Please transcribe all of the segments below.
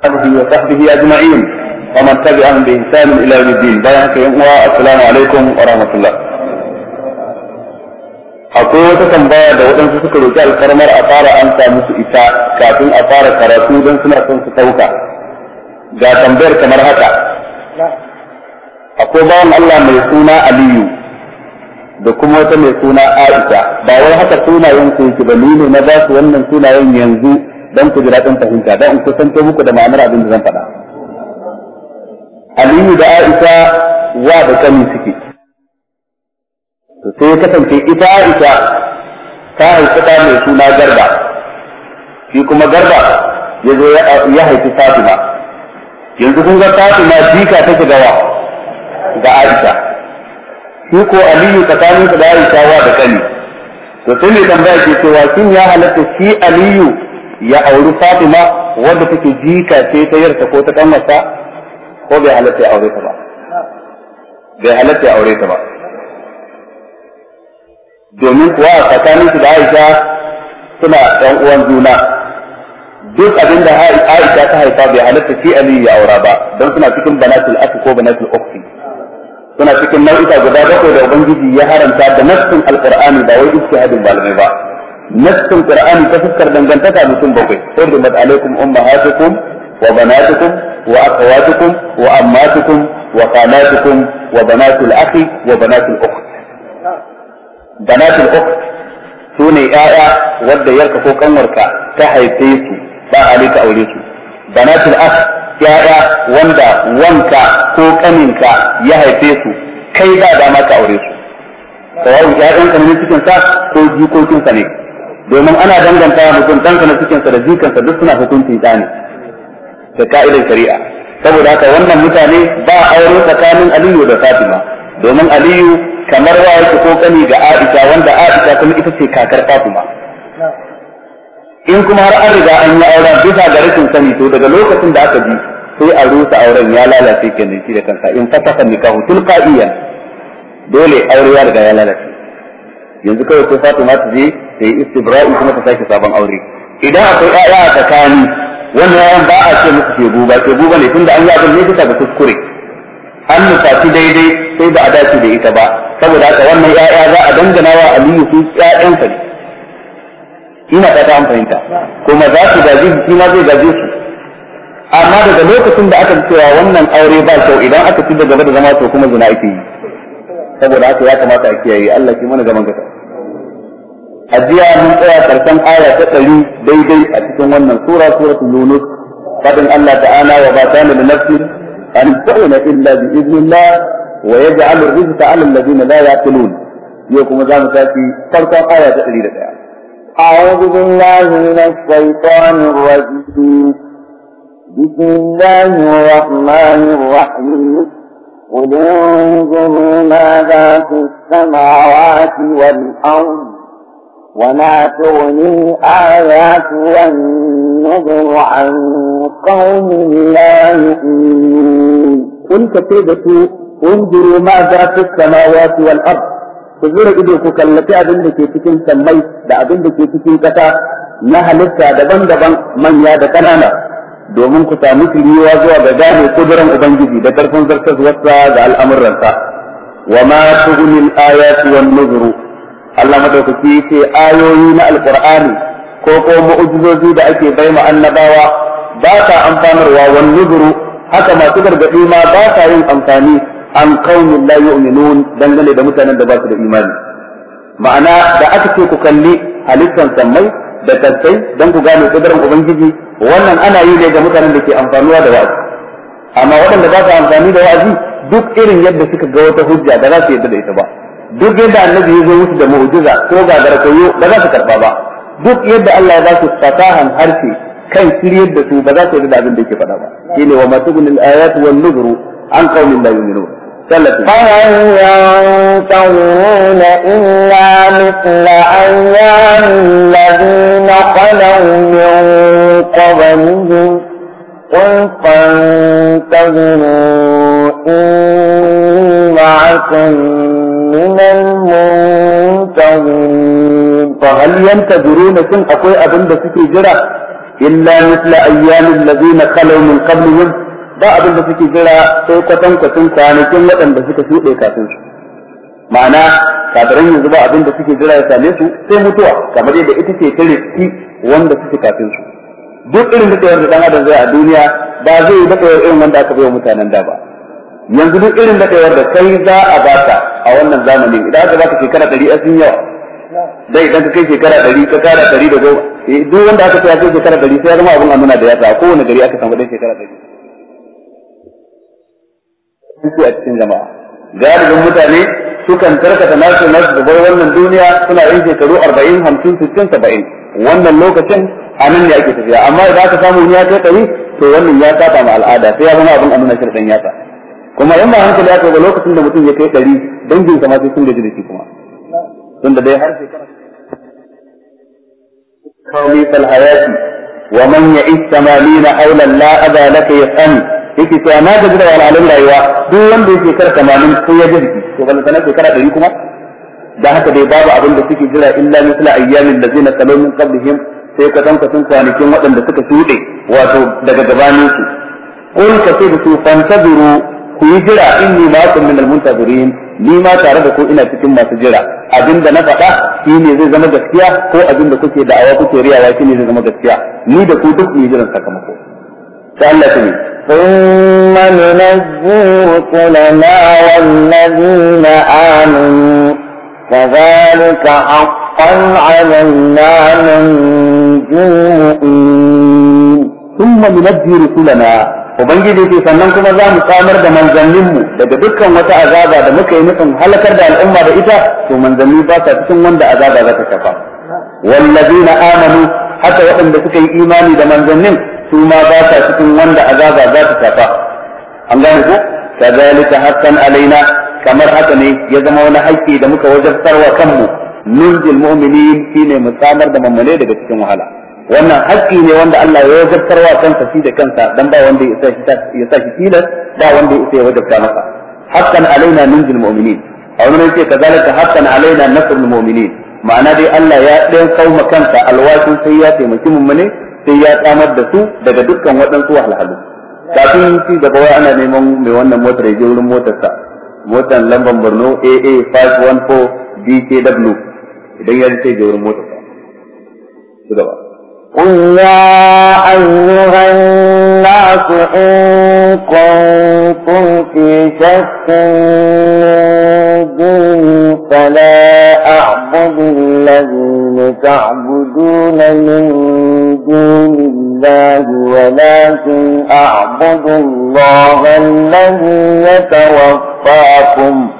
alihi wa sahbihi ajma'in wa man tabi'ahum bi ihsan ila yawm din bayan haka yan uwa assalamu wa rahmatullah akwai wata tambaya da waɗansu suka roki alkarmar a fara an samu su ita kafin a fara karatu don suna son su sauka ga tambayar kamar haka akwai bawan Allah mai suna Aliyu da kuma wata mai suna Aisha ba wai haka sunayen su yake ba ne na ba su wannan sunayen yanzu dan ku jira dan fahimta dan in ko muku da ma'anar abin da zan faɗa Aliyu da Aisha wa da kani suke to sai kasance ita Aisha ta haifi ta mai suna Garba shi kuma Garba ya zo ya haifi Fatima yanzu kun ga Fatima jika take gawa ga Aisha shi ko Aliyu tsakaninsa da Aisha wa da kani to sai mai tambaya ke cewa kin ya halatta shi Aliyu ya auri Fatima wadda take jika ce ta yarta ko ta kanwarsa ko bai halatta ya aure ta ba bai halatta ya aure ta ba domin kuwa a tsakanin su da Aisha suna ɗan uwan juna duk abin da Aisha ta haifa bai halatta shi Ali ya aura ba don suna cikin banatul aki ko banatul ukhti suna cikin nau'ika guda bakwai da ubangiji ya haramta da nassin alqur'ani ba wai ijtihadin malamai ba nassin qur'ani ta fuskar dangantaka mutum bakwai hurrimat alaikum ummahatukum wa banatukum wa akhawatukum wa ammatukum wa khalatukum wa banatul akhi wa banatul ukht banatul ukht sune ƴaƴa wadda yarka ko kanwarka ta haife su aure su wanda wanka ko kaninka ya haife su kai ba dama ka aure su kawai ƴaƴanka ne cikin sa ko jikokinsa ne domin ana danganta mutum danka na cikinsa da jikansa duk suna hukuncin ɗa ne da ka'idar shari'a saboda haka wannan mutane ba aure tsakanin aliyu da fatima domin aliyu kamar wa yake kokani ga aisha wanda aisha kuma ita ce kakar fatima in kuma har an riga an yi auren bisa ga rashin sani to daga lokacin da aka bi sai a rusa auren ya lalace kenan shi da kansa in fasaka nikahu tilqa'iyan dole aure ya riga ya lalace yanzu kawai ko fatima ta je sai yi istibra'i kuma ta sake sabon aure idan akwai ƴaƴa a tsakani wannan yayan ba a ce musu shegu ba shegu ba ne tunda an yi abin ne bisa ga kuskure an nufaci daidai sai ba a dace da ita ba saboda haka wannan ƴaƴa za a dangana wa aliyu su ƴaƴansa ne ina fata ta fahimta kuma za su gaji shi ma zai gaje su amma daga lokacin da aka cewa wannan aure ba kyau idan aka ci da gaba da zama to kuma zina ake yi saboda haka ya kamata a kiyaye Allah ke mana gaban gasa ajiya mun tsaya karshen aya ta ɗari daidai a cikin wannan sura suratul yunus fadin Allah ta'ala wa ba kana da nafsi an ta'ina illa bi idnillah wa yaj'alu rizqa 'ala alladhina la yaqilun yau kuma za mu tafi farkon aya ta 101 أعوذ بالله من الشيطان الرجيم بسم الله الرحمن الرحيم قل انظروا ماذا في السماوات والأرض وما تغني آيات والنظر عن قوم لا يؤمنون إن كتبت انظروا ماذا في السماوات والأرض تزور إدوكك التي أبنك تكن سميت لأبنك تكن كتا نهلك دبن دبن من ياد كلامه domin ku sami kiriwa zuwa ga gane kudurin Ubangiji da karfin zartar zuwa ga al'amuransa wa ma tuhumil ayati wan nuzuru Allah madaukaki yake ayoyi na alqur'ani ko ko mu'jizozi da ake bai ma annabawa ba ta amfanarwa wan nuzuru haka masu gargadi ma ba ta yin amfani an qaumin la yu'minun dangane da mutanen da ba su da imani ma'ana da aka ce ku kalli halittan sammai da tattai don ku gane kudurin ubangiji wannan ana yi ne ga mutanen da ke amfanuwa da wa'azi amma waɗanda ba su amfani da wa'azi duk irin yadda suka ga wata hujja da za su yadda da ita ba duk yadda annabi ya zo musu da mu'jiza ko ga garkoyo ba za su karba ba duk yadda Allah ya ba su fasahan harshe kan shiryar da su ba za su yi abin da yake faɗa ba shine wa matugunil ayat wan nuzuru an qaumin la yu'minun فهل ينتظرون إلا مثل أيام الذين خلوا من قبلهم قل فانتظروا إني معكم من المنتظرين فهل ينتظرون سن أقوي أبن بسكي جرى إلا مثل أيام الذين خلوا من قبلهم ba abin da suke jira sai kwatankwacin kwanakin waɗanda suka shuɗe kafin su ma'ana kafiran yanzu ba abin da suke jira ya same su sai mutuwa kamar yadda ita ce ta riski wanda suke kafin su duk irin da da dan adam zai a duniya ba zai yi da irin wanda aka bai wa mutanen da ba yanzu duk irin da daɗewar da kai za a baka a wannan zamanin idan aka baka shekara ɗari a yawa dai idan ka kai shekara ɗari ka kara ɗari da goma eh, duk wanda aka tsaya kai shekara ɗari sai ya zama abun amina da yasa a kowane gari aka samu ɗan shekara ɗari. Kuku a cikin jama'a. Galibin mutane sukan tarkata nasu nasu da bar wannan duniya suna yin shekaru arba'in 50 60 saba'in wannan lokacin a nan ne ake tafiya amma idan aka samu ya kai ɗari to wannan ya saba ma al'ada sai ya zama abin amina shirɗin yasa. kuma yan ba hankali aka ba lokacin da mutum ya kai ɗari dangin sa ma sai sun gaji da shi kuma tun da dai har shekara kawai falhayati wa man ya'ish samalina hawla la aba laka yasan yake cewa na gaji da wahalhalun rayuwa duk wanda ya shekara tamanin ko ya jirgi to ban sanar shekara ɗari kuma da haka dai babu abin da suke jira illa misla ayyamin da zai na salon min qablihim sai ka zanka sun kwanakin waɗanda suka shuɗe wato daga gabanin su qul ka sai da su fantaziru ku yi jira in inni ma'akum min al-muntazirin ni ma tare da ku ina cikin masu jira abinda na faɗa shi ne zai zama gaskiya ko abinda kuke da'awa kuke riyawa shi ne zai zama gaskiya ni da ku duk mu jiran sakamako sai Allah ta ne ثم ننجي رسلنا والذين آمنوا كذلك حقا علينا ننجي المؤمنين ثم ننجي رسلنا ubangiji ce sannan kuma za mu samar da manzanninmu daga dukkan wata azaba da muka yi nufin halakar da al'umma da ita to manzanni ba sa cikin wanda azaba za ta shafa wallazina amanu haka waɗanda suka yi imani da manzannin su ma ba sa cikin wanda azaba za ta shafa an gane ku kadhalika haqqan alaina kamar haka ne ya zama wani haƙƙi da muka wajabtarwa kanmu nunjil mu'minin shine mu samar da mamale daga cikin wahala wannan haƙƙi ne wanda Allah ya wa kansa shi da kansa dan ba wanda ya sa shi tilas ba wanda ya sai wajabta masa haqqan alaina nunjil mu'minin a wani yake kazalika haqqan alaina nasrul mu'minin ma'ana dai Allah ya dan kauma kansa alwashin sai ya taimaki mummune sai ya tsamar da su daga dukkan waɗansu wahalhalu kafin ci gaba wai ana neman mai wannan motar ya je wurin motarsa motar lambar Borno AA 514 DKW idan ya je wurin motarsa gaba قل يا أيها الناس إن كنتم في شك من ديني فلا أعبد الذين تعبدون من دون الله ولكن أعبد الله الذي يتوفاكم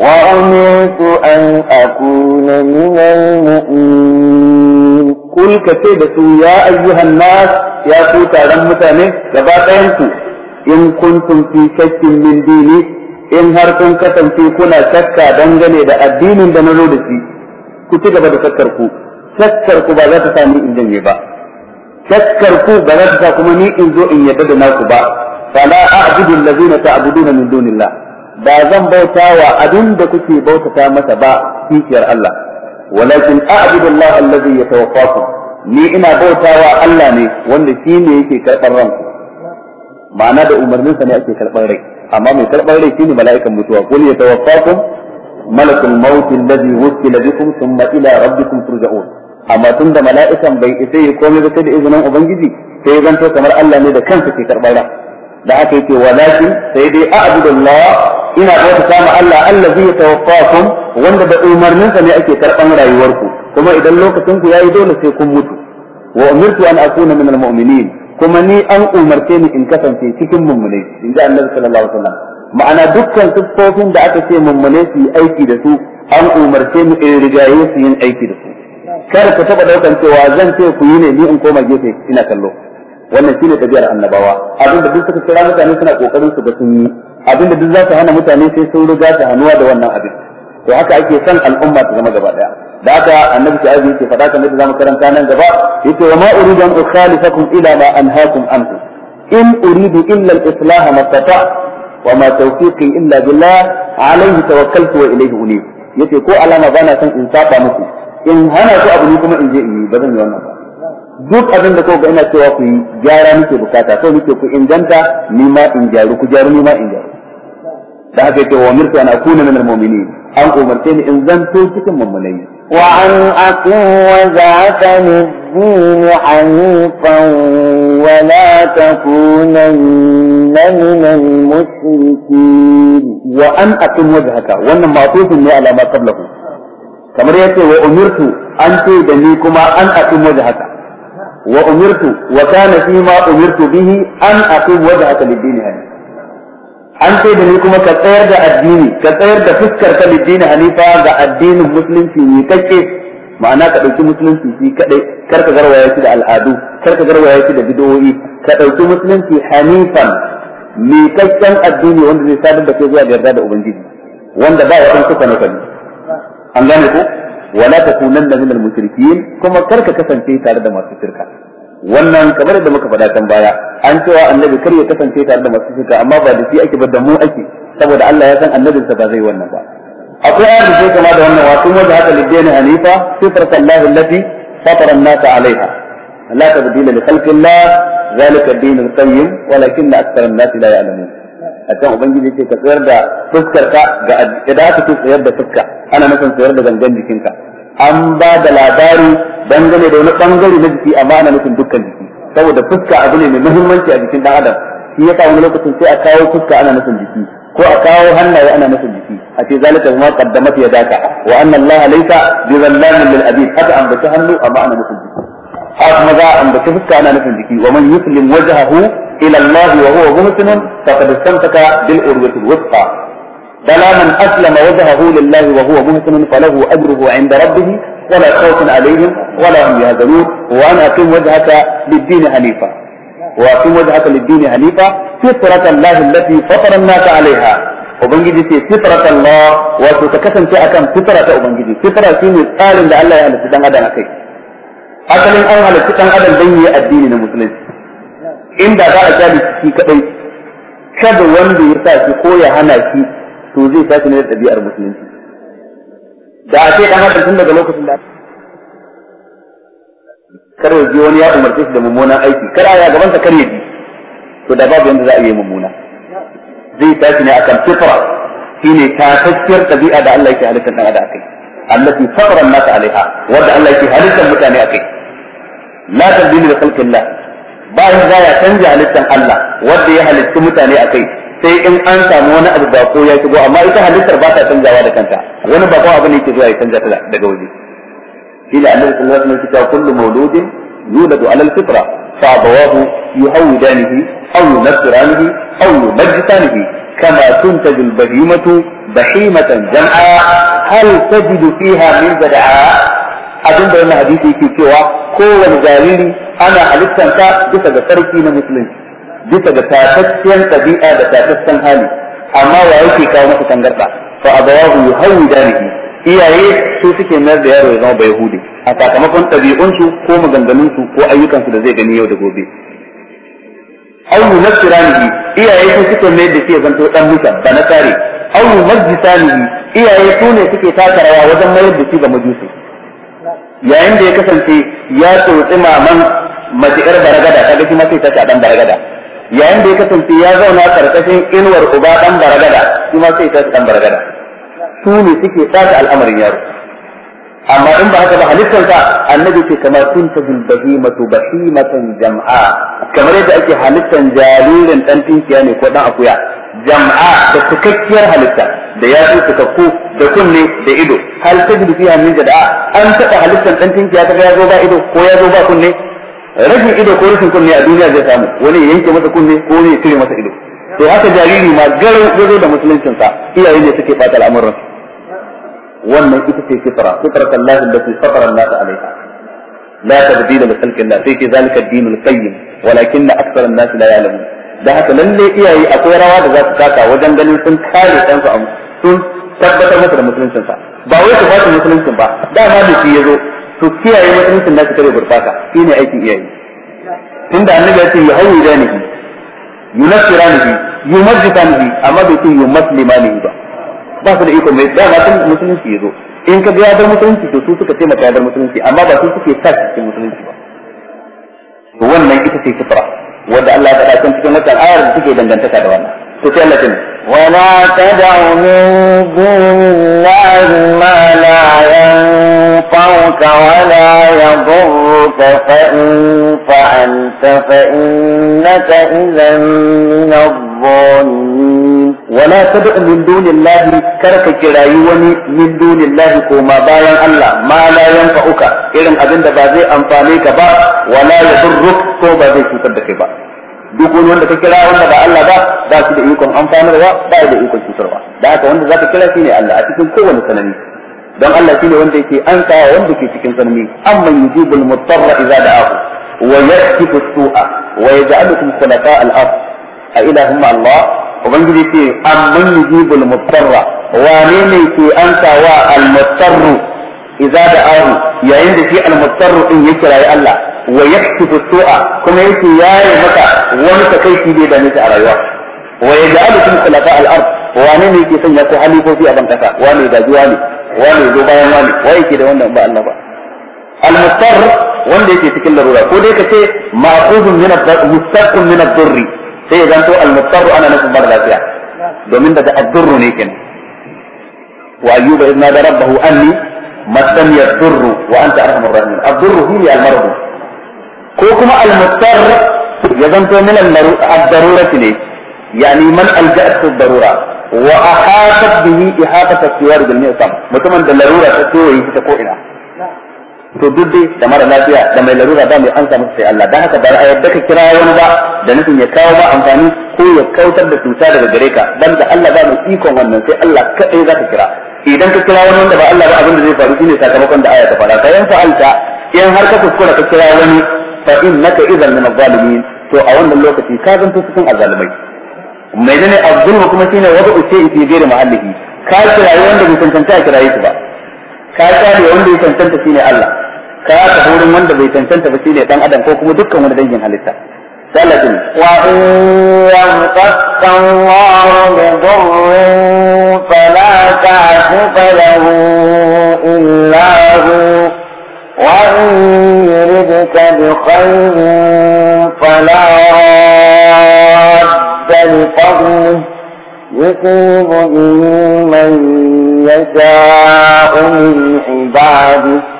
وأمرت أن أكون من المؤمنين kul ka ce da su ya ayyuhan nas ya ku taron mutane gaba ɗayan ku in kuntum fi shakkin min dini in har kun kasance kuna shakka dangane da addinin da na zo da shi ku ci gaba da shakkar ku shakkar ku ba za ta sami in janye ba shakkar ku ba za ta sa kuma ni in zo in yadda da naku ba fala a'budu allazina ta'buduna min dunillah ba zan bauta wa abin da kuke bautata masa ba kishiyar Allah walakin a'budu Allah allazi yatawaffakum ni ina bautawa Allah ne wanda shi ne yake karɓar ranku ma'ana da umarninsa ne ake karɓar rai amma mai karɓar rai shine mala'ikan mutuwa qul yatawaffakum malakul maut allazi wukila bikum thumma ila rabbikum turja'un amma tunda mala'ikan bai isa yi komai ba sai da izinin ubangiji sai zanto kamar Allah ne da kansa ke karɓar rai da aka yake walakin sai dai a'budullah ina bauta ma Allah allazi yatawaffakum wanda da umarninsa ne ake karban rayuwarku kuma idan lokacin ku yayi dole sai kun mutu wa umirtu an akuna min almu'minin kuma ni an umarce ni in kasance cikin mummunai in annabi sallallahu alaihi wasallam ma'ana dukkan siffofin da aka ce mummunai su yi aiki da su an umarce mu in rigaye su yin aiki da su kar ka taba daukan cewa zan ce ku yi ne ni in koma gefe ina kallo wannan shine tabiyar annabawa abin da duk suka kira mutane suna kokarin su ga sun yi abin da duk za su hana mutane sai sun riga su hannuwa da wannan abin to haka ake son al'umma ta zama gaba daya da haka annabi ta yake faɗa kan yadda mu karanta nan gaba yace wa ma uridu an ukhalifakum ila ma anhaakum anhu in uridu illa al-islah mastata wa ma tawfiqi illa billah alayhi tawakkaltu wa ilayhi unib yace ko alama bana son in saba muku in hana ku abu ne kuma in je in yi ba zan yi wannan ba duk abin da kuka ina cewa ku gyara muke bukata sai muke ku inganta ni ma in gyaru ku gyaru ni ma in gyaru da haka yake wa mirta na kuna min almu'minin an umarce ni in zanto cikin mummunai wa an aqim wa zaka min hanifan wa la takunanna min almushrikin wa an aqim wajhaka wannan ma'tufun ne alama ma qablahu kamar yace wa umirtu an ce da ni kuma an aqim wajhaka wa umirtu wa kana fi ma umirtu bihi an aqim wajhaka lid-din an sai da ni kuma ka tsayar da addini ka tsayar da fuskar ka lid-din hanifa ga addinin musulunci ne kake ma'ana ka dauki musulunci shi kadai kar ka garwaya shi da al'adu kar ka garwaya shi da bid'o'i ka dauki musulunci hanifan mai kakkan addini wanda zai sadar da kai zuwa ga yarda da ubangiji wanda ba ya san kuka na kani an gane ku. wala takunanna minal mushrikin kuma karka kasance tare da masu shirka wannan kamar da muka faɗa can baya an cewa annabi kar ya kasance tare da masu shirka amma ba da shi ake ba da mu ake saboda Allah ya san annabinsa ba zai wannan ba akwai ayar da kama da wannan wato wanda haka liddaini hanifa sifrat Allah allati fatara an-nas alaiha la tabdila li khalqillah zalika ad-din al-qayyim walakin akthara an-nas la ya'lamun a can ubangiji ce ka tsayar da fuskarka ga idan aka ce tsayar da fuska ana nufin tsayar da gangan jikinka an ba da labari dangane da wani bangare na jiki amma ana nufin dukkan jiki saboda fuska abu ne mai muhimmanci a jikin dan adam shi yasa wani lokacin sai a kawo fuska ana nufin jiki ko a kawo hannaye ana nufin jiki a ce zalika ma qaddamat yadaka wa anna Allah laysa bi zallamin lil abid haka an bata hannu amma ana nufin jiki haka maza an bata fuska ana nufin jiki wa man yuslim wajhahu إلى الله وهو مهتن فقد استمسك بالأروة الوثقى بلى من أسلم وجهه لله وهو مهتن فله أجره عند ربه ولا خوف عليهم ولا هم يهزمون وانا أقيم وجهك للدين حنيفا وأقيم وجهك للدين حنيفا فطرة الله التي فطر الناس عليها وبنجد في فطرة الله وتتكسن في أكم فطرة وبنجد فطرة في مثال لألا يعني تتنغدن أكيد اهل أنها ادم بني الدين المسلمين inda za a kyale shi kadai kada wanda ya sa shi ko ya hana shi to zai tashi ne da ɗabi'ar musulunci da a ce dan haɗa tun daga lokacin da kar ya ji wani ya umarce shi da mummunan aiki kar ya gaban sa kar ya ji to da babu yanda za a yi mummuna zai tashi ne akan fitra shine tatakkiyar ɗabi'a da Allah yake halittar dan adam akai allati fatara an alaiha wanda Allah yake halittar mutane akai la tabdila da khalqillah bayan za ya canja halittan Allah wanda ya halitta mutane akai sai in an samu wani abu ba ko ya shigo amma ita halittar ba ta canjawa da kanta wani ba ko abu ne ke zuwa ya canja ta daga waje shi da Allah sallallahu alaihi wasallam ya kullu mawludin yuladu ala alfitra fa abawahu yuhawidanihi aw yunasiranihi aw yumajjisanihi كما تنتج البهيمة بهيمة جمعاء هل تجد فيها من بدعاء أظن wannan hadisi yake cewa kowane jariri ana halittanta bisa ga sarki na musulunci bisa ga tatacciyar ɗabi'a da tataccen hali amma wa yake kawo masa tangarɗa fa abawahu yuhawidanihi iyaye su suke mayar da yaro ya zama bai hude a sakamakon ɗabi'unsu ko maganganunsu ko ayyukansu da zai gani yau da gobe au yunasiranihi iyaye su suke mayar da shi ya zanto dan musa ba na kare au iyaye su ne suke taka rawa wajen mayar da shi ga majusi yayin da ya kasance ya tsotsi maman mace yar baragada ta shi ma ta dan baragada yayin da ya kasance ya zauna karkashin inuwar uba dan baragada shi ma sai ta dan baragada su ne suke tsaka al'amarin yaro amma in ba haka ba halittar ta annabi ce kamar sun ta bahimatu bahimatan jam'a kamar yadda ake halittar jaririn ɗan tinkiya ne ko ɗan akuya jama'a da cikakkiyar halitta da ya yatsu cikakku da kunne da ido hal tajidu fiha min jada'a an taɓa halittar ɗan tinkiya ta ya zo ba ido ko ya zo ba kunne rashin ido ko rashin kunne a duniya zai samu wani ya yanke masa kunne ko wani ya cire masa ido to haka jariri ma garo ya zo da musuluncinsa iyaye ne suke ɓata al'amuran wannan ita ce fitra fitrat Allah allati fatara an-nas 'alayha la tabdila li khalqi Allah sai ke zalika ad-din al-qayyim walakinna akthara an-nas la ya'lamun da haka lalle iyaye akwai rawa da za su taka wajen ganin sun kare su a sun tabbatar masa da sa ba wai su ba su musuluncin ba ma da shi yazo to su kiyaye musuluncin nasu kare burfaka shi ne aikin iyaye tunda annabi ya ce ya yunasira ni yunasiranihi ni amma bai ce ni ba ba su da iko mai dama tun musulunci ya zo in ka ga ya bar musulunci to su suka taimaka ya bar musulunci amma ba su suke sa cikin musulunci ba wannan ita ce fitra wanda Allah ya faɗa cikin wannan ayar da take dangantaka da wannan to sai Allah ya ولا تدع من دون الله ما لا ينفعك ولا يضرك فإن فعلت فإنك إذا من الظالمين wala tad'u min dunillahi karka kirayi wani min dunillahi bayan Allah ma'ana yanfa uka irin abinda da ba zai amfane ka ba wala yadurruk ko ba zai cutar da kai ba duk wanda ka kira wanda ba Allah ba ba shi da ikon amfanarwa ba da ikon cutarwa da haka wanda zaka kira shine Allah a cikin kowane sanani don Allah shine wanda yake an kawo wanda ke cikin sanani amman yujibul mutarra idza a'u. wa yaktifu su'a wa yaj'alukum khulafa al Allah ubangiji ce amman yujibul mustarra wane ne ke antawa al-mustarru idza da'ahu yayin da shi al-mustarru din ya kirayi Allah wa yaktifu su'a kuma yake yaye maka wani takaici da da nake a rayuwa wa yaj'alukum khulafa al-ard wane ne ke sanya ku halifofi a ban kasa wane da juwa ne wane zo bayan wane waye ke da wannan ba Allah ba al-mustarr wanda yake cikin larura ko dai kace ma'qudun min ad-darr mustaqim min ad-darr sai ya zanto al-mutarru ana nufin mara lafiya domin daga addurru ne kin wa ayyuba idh nada rabbahu anni masani ad wa anta arhamur rahimin ad-durru ya al-marad ko kuma al-mutarr ya zanto min al-darurah ne yani man alja'at ad-darura wa ahatat bihi ihatat as-siwar bil-mi'sam mutumin da larura ta toyi ta ko ina to duk dai da mara lafiya da mai larura ba mai an masa sai Allah dan haka ba a yadda ka kira wani ba da nufin ya kawo ba amfani ko ya kautar da cuta daga gare ka dan da Allah ba mai ikon wannan sai Allah kadai zaka kira idan ka kira wani wanda ba Allah ba abin da zai faru shine sakamakon da aya ta fara kayan fa'alta in har ka kuskura ka kira wani fa innaka idan min zalimin to a wannan lokaci ka zanto cikin azalimai ne abdul kuma shine wada'u shay'i fi ghairi mahallihi ka kira wanda bai tantance a kira shi ba ka kira wanda ya tantance shine Allah ka tafi wurin wanda bai tantanta ba shine dan adam ko kuma dukkan wani dangin halitta ثلاثة وإن يمسك الله بضر فلا كاشف له إلا هو وإن يردك بخير فلا راد لفضله يصيب به من يشاء من عباده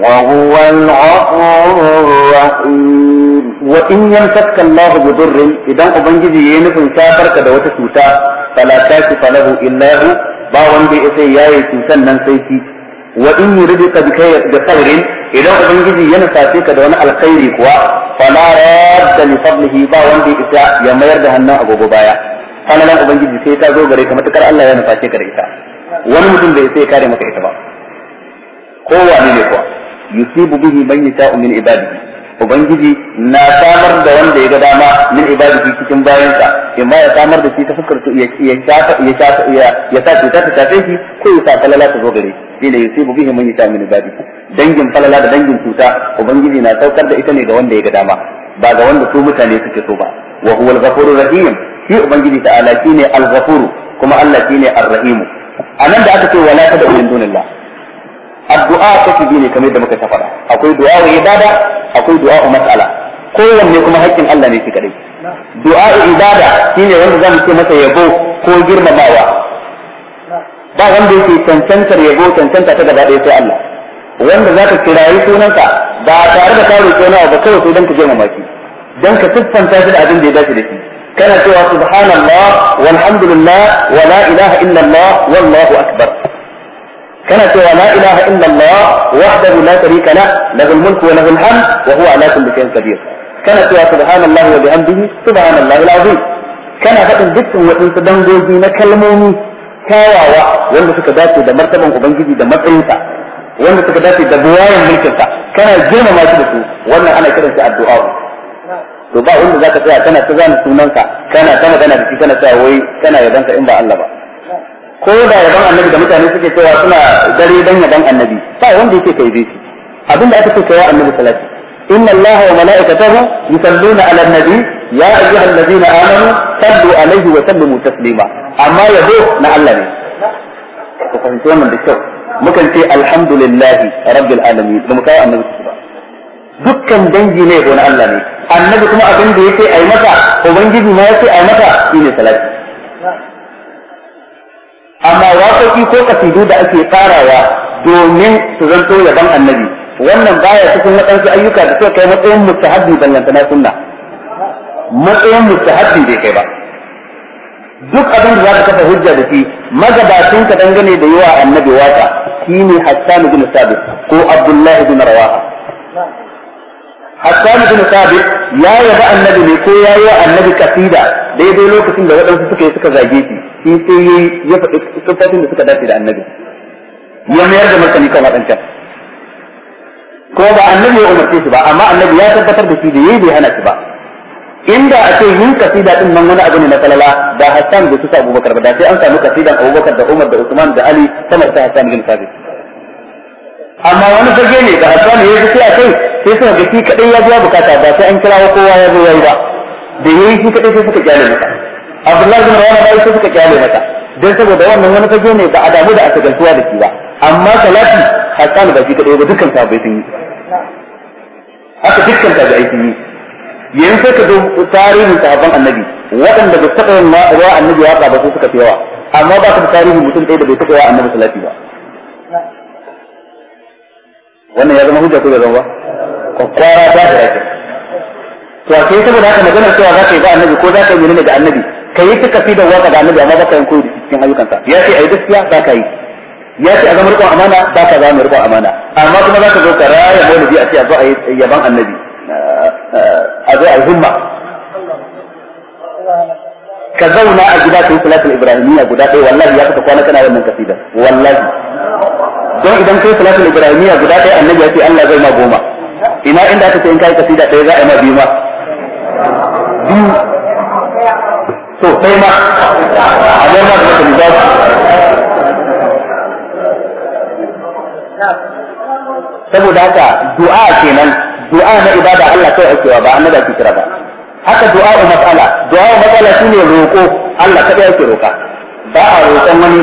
وهو الغفور الرحيم وإن يمسك الله بضر إذا أبنجي ينفن شافرك دوت سوتا فلا كاشف له إلا هو باون بي إسي ياي سوتا ننسيتي وإن يردك بخير إذا أبنجي ينفاتيك دون الخير كوا فلا راد لفضله باون بي إسي يمير دهنا أبو ببايا فلا لا أبنجي سيتا زو غريك متكر الله ينفاتيك رئيسا wani mutum bai sai kare maka ita ba kowa ne ne kuwa yusibu bihi man yasha'u min ibadihi ubangiji na samar da wanda ya ga dama min ibadihi cikin bayansa imma ya samar da shi ta fuskar ya ya ya sa cuta ta shafe shi ko ya sa falala ta zo gare shi ne yusibu bihi man yasha'u min ibadihi dangin falala da dangin cuta ubangiji na saukar da ita ne ga wanda ya ga dama ba ga wanda su mutane suke so ba wa huwal ghafurur rahim shi ubangiji ta'ala shine al-ghafuru kuma Allah shine ar-rahim anan da aka ce wala da min dunillah addu'a take bi ne kamar yadda muka ta akwai du'a wa ibada akwai du'a wa mas'ala kowanne kuma haƙƙin Allah ne shi kadai du'a ibada shine wanda zamu ce masa yabo ko girmamawa ba wanda yake cancantar yabo cancanta ta gaba ɗaya sai Allah wanda zaka kirayi sunanka ba tare da ka roƙi wani ba kawai sai dan ka je mamaki, dan ka siffanta shi da abin da ya dace da shi kana cewa subhanallah walhamdulillah wala ilaha illallah wallahu akbar kana cewa la ilaha illallah wahdahu la sharika la lahul mulku wa lahul hamd wa huwa ala kulli shay'in qadir kana cewa subhanallahi wa bihamdihi subhanallahi alazim kana faɗin dukkan waɗansu dangogi na kalmomi kyawawa wanda suka dace da martaban ubangiji da matsayinsa wanda suka dace da buwayen mulkinsa kana girmama shi da su wannan ana kiransa addu'a to ba wanda zaka tsaya kana ta zana sunanka kana ta magana da shi kana cewa wai kana yabanka in ba Allah ba ko da yaban annabi da mutane suke cewa suna dare dan yaban annabi ba wanda yake kai bi abin da aka ce kai annabi salati inna allaha wa malaikatahu yusalluna ala nabi ya ayyuhalladhina amanu sallu alaihi wa sallimu taslima amma yabo na Allah ne ku fahimci wannan da kyau mukan ce alhamdulillahi rabbil alamin da mu kai annabi ba dukkan dangi ne ko na Allah ne annabi kuma abin da yake ai maka ubangiji ma yake ai maka shine salati amma waƙoƙi ko kasidu da ake tsarawa domin su zanto yaban annabi wannan baya cikin waɗansu ayyuka da suka kai matsayin mustahabbi dangantana sunna matsayin mustahabbi bai kai ba duk abin da za ka kafa hujja da shi magabatin ka dangane da yawa annabi waka shine Hassan bin Sabit ko Abdullah bin Rawaha Hassan bin Sabit ya yaba annabi ne ko ya yi annabi kasida daidai lokacin da waɗansu suka yi suka zage shi Sai sai ya ya faɗi sufofin da suka dace da annabi ya mayar da martani kan waɗancan ko ba annabi ya umarce shi ba amma annabi ya tabbatar da shi da yayi bai hana shi ba inda a ce yin kasida din nan wani abu ne na falala da Hassan da Tusa Abubakar ba da sai an samu kasidan Abubakar da Umar da Usman da Ali sama da Hassan bin Thabit amma wani fage ne da Hassan ya ji sai a kai sai suka ga shi kadai ya biya bukata ba sai an kirawo kowa ya zo yayi ba da yayi shi kadai sai suka kyale mutane abdullahi bin rawana bai suka kyale mata dan saboda wannan wani fage ne ba a damu da aka gantuwa da shi ba amma salati hasan ba shi kadai ba dukkan bai sun yi haka dukkan bai sun yi yanzu sai ka zo tarihin sahabban annabi waɗanda ba su taɓa yin ruwa annabi ya ba su suka fi yawa amma ba su da tarihin mutum ɗaya da bai taɓa yawa annabi salati ba wannan ya zama hujja ko bai zama ba kwakwara ta da yake to a sai saboda haka magana cewa za ka yi ba annabi ko za ka yi ne da annabi ka yi tuka fi da waka da annabi amma baka yin koyi cikin ayyukansa ya ce ai gaskiya za ka yi ya ce a zama rikon amana ba ka zama rikon amana amma kuma za ka zo ka raya maulidi a ce a zo a yi yaban annabi eh, eh, a zo a yi himma ka zauna a gida ka yi salatul ibrahimiyya guda ɗaya wallahi ya fita kwana kana wannan kasidan wallahi don idan kai salatul ibrahimiyya guda ɗaya annabi ya ce Allah zai ma goma ina inda aka ce in kai kasida ɗaya za a yi ma biyu ma biyu sosai ma a jar ma da maka saboda haka du'a kenan du'a na ibada Allah kai ake ba annabi ake kira ba haka du'a mas'ala du'a mas'ala shine roko Allah kadai ake roka ba a roƙon wani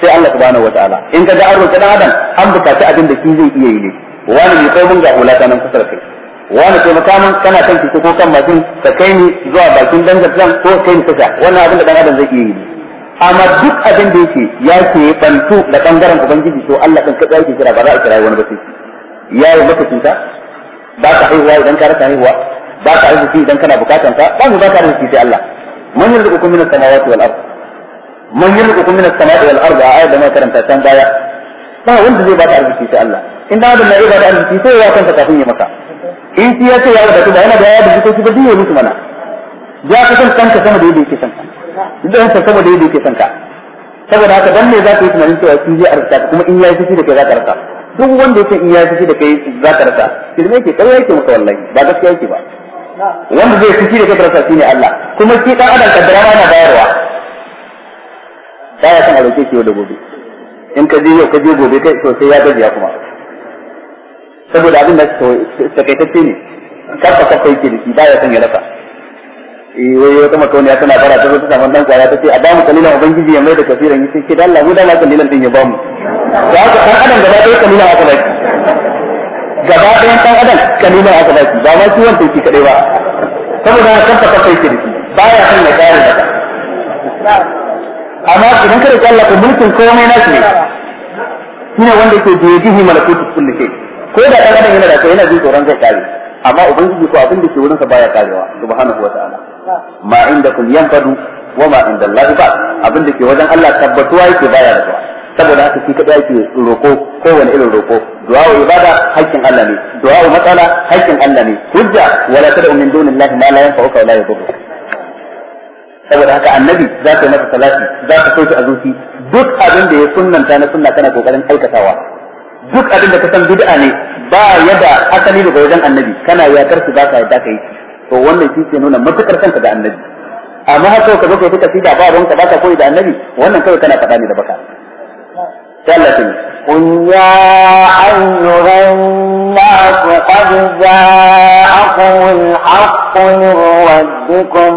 sai Allah subhanahu wataala in ka ga an roƙi dan adam an buƙaci abin da shi zai iya yi ne wani mai kai mun ga hulata nan kusa da kai wani taimaka min kana kan kike ko kan mashin ka kai ni zuwa bakin dangar zan ko kai ni kasa wannan abin da dan adam zai iya yi amma duk abin da yake ya ke bantu da bangaren ubangiji to Allah din kada yake kira ba za a kira wani ba sai ya yi maka cuta ba ka haihuwa idan ka rasa haihuwa ba ka arziki idan kana bukatan ka ba mu ba ka arziki sai Allah man yarzuqukum minas samawati wal ard man yarzuqukum minas samawati wal ard ayat da muka karanta can baya ba wanda zai ba ka arziki sai Allah in da adam na iya ba da arziki sai ya kanta kafin ya maka in shi ya ce ya rubuta da yana da ya rubuta shi ba duk ya mutu mana ya ka san kanka sama da yadda yake san ka idan ka sama da yadda yake san ka saboda haka dan ne za ka yi tunanin cewa shi zai arsa kuma in ya yi fushi da kai za ka rasa duk wanda yake in ya yi fushi da kai za ka rasa kirme yake kawai yake maka wallahi ba gaskiya yake ba wanda zai fushi da kai ka shi ne Allah kuma shi dan adam kaddara ma na bayarwa ya san a roke shi yau da gobe in ka je yau ka je gobe kai to sai ya gaji ya kuma saboda abin da ce ne kafa kafa yake da shi ba ya san ya rasa eh wai wata ya tana bara ta zo ta samu dan kwaya ta ce a ba mu kalilan ubangiji ya mai da kafiran yi sai da Allah mu da na kalilan din ya ba mu da haka kan adam gaba ɗaya kalilan aka baki gaba ɗaya kan adam kalilan aka baki ba ma shi wanda yake kadai ba saboda kafa kafa yake da shi ba ya san ya kare da amma idan ka da Allah ko mulkin komai shi ne shine wanda yake da malakutu kullu shay ko da ɗan adam yana da kai yana jin tsoron zai kare amma ubangiji ko abin da ke wurinsa baya karewa subhanahu wa ta'ala ma kun yanfadu wa ma inda Allah ba abin da ke wajen Allah tabbatuwa yake baya da saboda haka shi kadai yake roko kowane irin roko du'a ibada haƙƙin Allah ne du'a matsala haƙƙin Allah ne hujja wala tad'u min dunillahi ma la yanfa'uka wa la yadurruka saboda haka annabi za yi masa salati za ka soki a duk abin da ya sunnanta na sunna kana kokarin aikatawa duk abin da ka san bid'a ne ba yadda asali daga wajen annabi kana ya karsu su ka yadda kai to wannan shi ke nuna matukar kanka da annabi amma haka ka zo ka ta kasida ba ba ka koyi da annabi wannan kawai kana faɗa ne da baka sai Allah ya قل يا أيها الناس قد جاءكم الحق من ربكم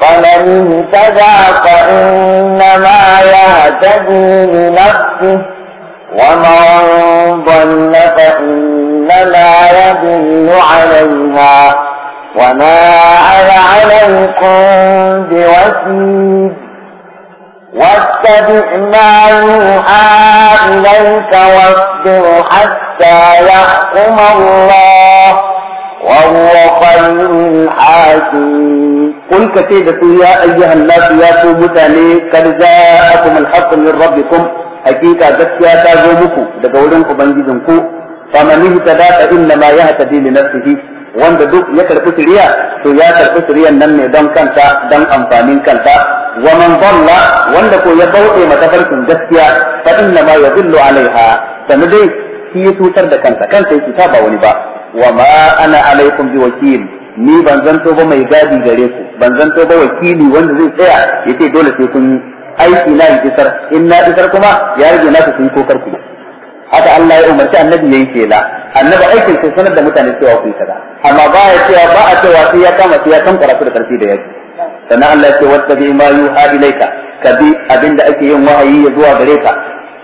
فمن اهتدى فإنما يهتدي لنفسه ومن ضل فإنما يضل عليها وما أنا عليكم بوكيل واتبع ما يوحى إليك واصبر حتى يحكم الله وهو خير الحاكمين قل كتيبة يا أيها الناس يا متاني قد جاءكم الحق من ربكم hakika gaskiya ta zo muku daga wurin ubangijin ku faman ihtada fa inna ma yahtadi li nafsihi wanda duk ya karbi shiriya to ya karbi shiriyan nan ne don kanta don amfanin kanta wa man dalla wanda ko ya bauɗe matafarkin gaskiya fa inna ma yadullu alaiha sanu dai shi ya cutar da kansa kansa ya cuta ba wani ba wa ma ana alaikum bi wakil ni ban zanto ba mai gadi gare ku ban zanto ba wakili wanda zai tsaya yace dole sai kun yi aiki na yi isar in na isar kuma ya rage na ku kokar ku haka Allah ya umarci annabi yayi kela annabi aikin sai sanar da mutane cewa ku yi kaza amma ba ya cewa ba a cewa sai ya kama sai ya tankara su da karfi da yaki sannan Allah ya ce wattabi ma yuha ilaika ka bi abinda ake yin wahayi ya zuwa gare ka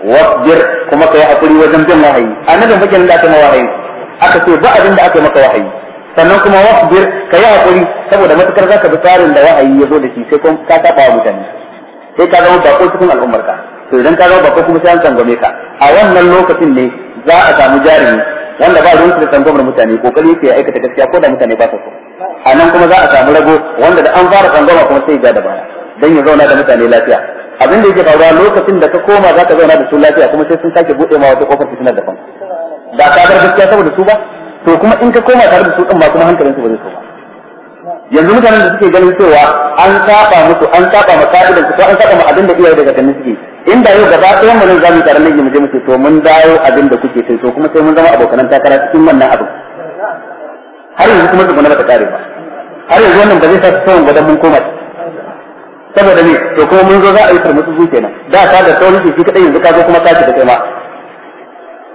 wasbir kuma ka yi hakuri wajen bin wahayi annabin fakin da aka wahayi aka ce ba abinda aka maka wahayi sannan kuma wasbir ka yi hakuri saboda matukar zaka bi tsarin da wahayi ya zo da shi sai kuma ka taba mutane sai ka zama bako cikin al'ummar ka to idan ka zama bako kuma sai an tsangwame ka a wannan lokacin ne za a samu jarumi wanda ba ruwan da tsangwamar mutane kokari yake ya aikata gaskiya ko da mutane ba su so a nan kuma za a samu rago wanda da an fara tsangwama kuma sai ya da baya dan ya zauna da mutane lafiya abin da yake faruwa lokacin da ka koma za ka zauna da su lafiya kuma sai sun sake buɗe ma wata kofar fitinar daban ba ka bar gaskiya saboda su ba to kuma in ka koma tare da su din ma kuma hankalinsu ba zai so ba yanzu mutanen da suke ganin cewa an saba musu an saba ma kafirin su ko an saba ma abin da iyaye daga ganin suke inda yau gaba ɗayan mu ne zamu tare ne mu je mu ce to mun dawo abin da kuke sai to kuma sai mun zama abokan takara cikin wannan abu. har yanzu kuma tsuguna ba ta kare ba har yanzu wannan ba zai sa tsawon gadon mun koma saboda ne to kuma mun zo za a yi farmatu su kenan da ka da tsawon shi kadai yanzu ka zo kuma ka ci da kai ma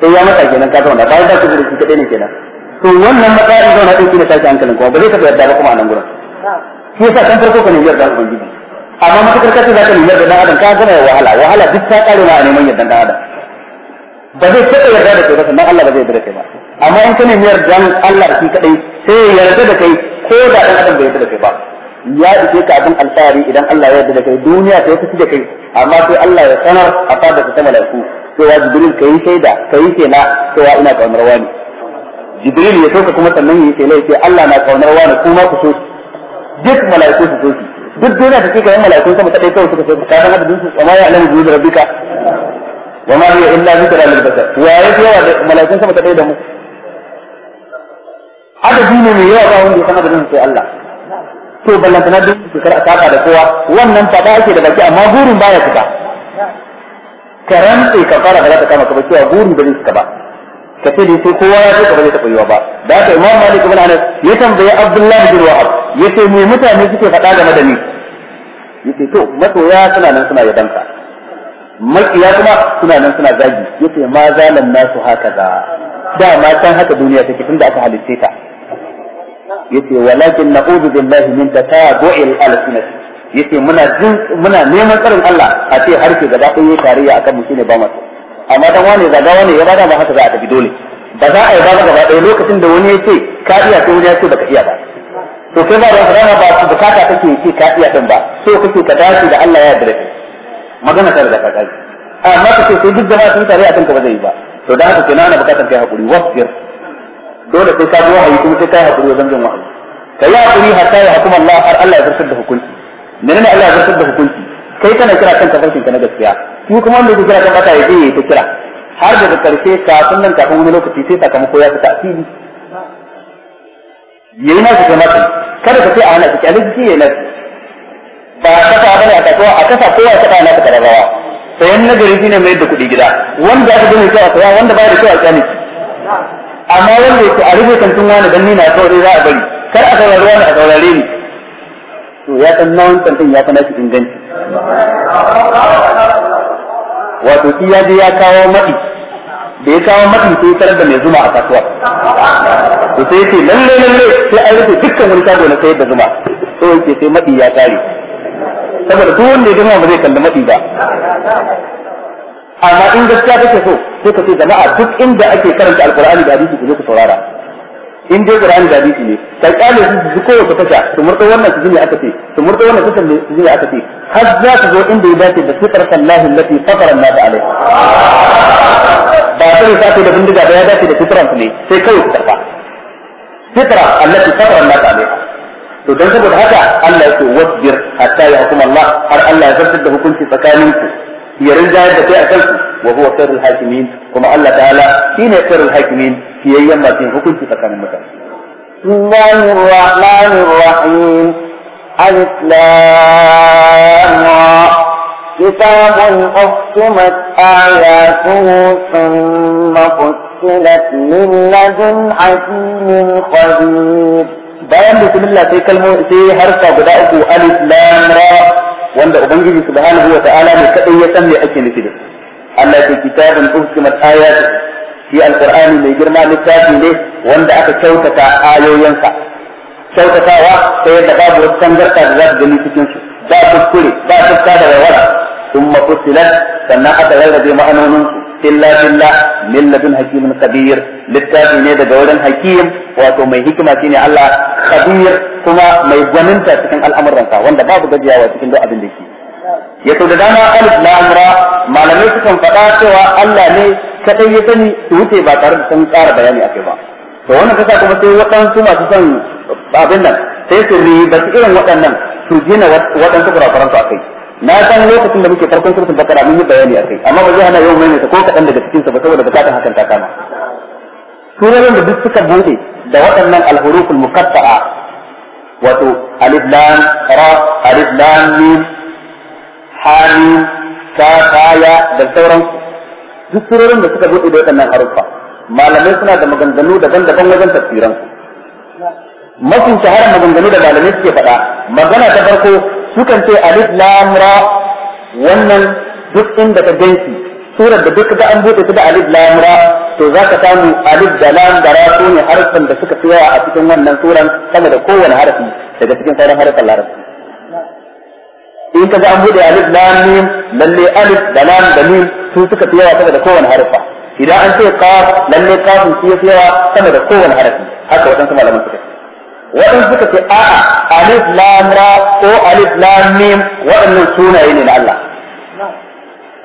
sai ya mata kenan ka zauna bayan ka ci da shi kadai ne kenan to wannan matsayin zauna ɗin shine tashi hankalin kuma ba zai taɓa yarda ba kuma a nan gurin shi yasa kan farko ka nemi yarda ubangiji amma matakar kace za ka nemi yarda dan adam ka gama wahala wahala duk ta ƙare ma a neman yarda dan adam ba zai taɓa yarda da kai ba sannan Allah ba zai yarda da kai ba amma in ka nemi dan Allah shi kadai sai ya yarda da kai ko da dan adam bai yarda da kai ba ya ike ka abin alfahari idan Allah ya yarda da kai duniya ta yi da kai amma sai Allah ya sanar a fadar ta malaiku cewa jibril kai shaida kai kenan cewa ina kamar wani jibril ya soka kuma sannan yi kela yace Allah na kaunar wani kuma ku so duk malaiku su so duk duniya ta kika yan malaikun sama ta dai kawai suka so ka san adadin su amma ya alamu zuwa rabbika wa ma hiya illa zikra lil basar wa ya yawa da malaikun sama ta dai da mu adadi ne mai yawa ba wanda ya san adadin sai Allah to ballantana duk su kar a saka da kowa wannan ba ake da baki amma burin baya fita karanta ka fara da za ta kama ka ba cewa burin da zai ka ba ka ce sai kowa ya duka ba zai taɓa yiwa ba da haka imam malik ibn anas ya tambayi abdullahi bin wahab yace me mutane suke faɗa game da ni yace to masoya suna nan suna yabanka makiya kuma suna nan suna zagi yace ma zalan nasu haka da dama can haka duniya take tunda aka halitta ta yace walakin na'udhu billahi min tatabu'il alsinati yace muna muna neman tsarin Allah a ce harshe gaba ɗaya tarayya akan mu shine ba masu amma dan wani zaga wani ya bada ba haka za a tafi dole ba za a yi ba gaba ɗaya lokacin da wani ya ce ka iya sai wani ya ce baka iya ba to kai ba da rana ba bukata kake ce ka iya din ba so kake ka dace da Allah ya yarda magana ta da kakai amma kace sai duk jama'a sun tare akan ka ba zai yi ba to da haka kenan ana bukatar kai hakuri wasfir dole sai ka wahayi kuma sai kai hakuri wajen jin wahayi kai hakuri hatta ya hukuma Allah har Allah ya zartar da hukunci menene Allah ya zartar da hukunci kai kana kira kanka farkin ka na gaskiya Ku kuma wanda ku kira kan kasa ya je ya kira har daga karshe kafin nan kafin wani lokaci sai sakamako ya fita asiri yayi na shiga mata kada ka ce a hana ki ya yi nasu. ba a kafa ne a kasuwa a kasa kowa ya kafa na ka rabawa sayan nagari ne mai da kuɗi gida wanda aka gani kyau a saya wanda ba da kyau a kyale amma wanda ce a rufe kantin wani dan nina kawai za a bari kar a saurari wani a saurare ni to ya san nawan kantin ya fi nasu inganci wato shi ya je ya kawo maɗi da ya kawo maɗi sai tarar da mai zuma a kasuwa to sai yace lalle lalle sai an rufe dukkan wani shago na sayar da zuma sai yake sai maɗi ya kare saboda duk wanda ya gama ba zai kalli maɗi ba amma in gaskiya kake so sai ka ce jama'a duk inda ake karanta alqur'ani da hadisi ku ku saurara in dai qur'ani da hadisi ne ka kyale su su kowace tasha su murdo wannan su ne aka ce su murdo wannan tasha ne su ne aka ce هل ذات ذو ان بيباتي بفطرة الله التي فطر الناس عليه باطل ساتي لبندقى بياداتي بفطرة الله سيكوي فطرة فطرة التي فطر الناس عليه تو جنسك الهجا ألا يتوذجر حتى يحكم الله هل ألا يفرسد حكم في فكانينك يرجع بتاع كلك وهو خير الحاكمين كما ألا تعالى كين يكر الحاكمين في أيام ما تين حكم في فكانينك الله الرحمن الرحيم ألف كتاب أحكمت آياته ثم فصلت من لدن حكيم خبير bayan lalla sai kalmo sai harfa guda uku alif lam ra wanda ubangiji subhanahu wa ta'ala ne kadai ya san me ake nufi da Allah ke kitabun uhkimat ayat shi alqur'ani mai girma littafi ne wanda aka kyautata ayoyansa kyautatawa ta yadda babu wata tangarɗa da za su gani cikin su ba kuskure ba tufka da rawar sun mafusilan sannan aka rarrabe ma'anonin su illa billah min hakimin kabir littafi ne daga wurin hakim wato mai hikima shine Allah kabir kuma mai gwaninta cikin al'amuransa wanda babu gajiyawa cikin duk abin da yake ya da dama alif lamura malamai sukan faɗa cewa Allah ne kadai ya sani su wuce ba tare da sun ƙara bayani akai ba to wannan kasa kuma sai waɗansu masu son abin nan sai su su irin waɗannan su gina waɗansu faransu a kai na san lokacin da muke farkon surfin bakara mun yi bayani a kai amma ba zai hana yau mai ko kaɗan daga cikin sa ba saboda bukatar hakan ta kama sunanin da duk suka bude da waɗannan alhuruful muqatta'a wato alif lam ra alif lam mim ha ta da sauran duk surorin da suka bude da waɗannan harufa malamai suna da maganganu daban-daban wajen tafsiransu mafi shaharar maganganu da malamai suke faɗa magana ta farko sukan ce alif lam ra wannan duk inda ka ganki surar da duk da an bude ta da alif lam ra to zaka samu alif da lam da ra su ne harfan da suka fi yawa a cikin wannan suran sama da kowane harafi daga cikin sauran harafan larabci in ka ga an bude alif lam mim lalle alif da lam da mim su suka fi yawa sama da kowane harfa idan an ce qaf lalle qafin su yawa sama da kowane harafi haka wadansu malaman suka waɗansu suka ce a'a alif lam ra ko alif lam mim waɗannan sunaye ne na Allah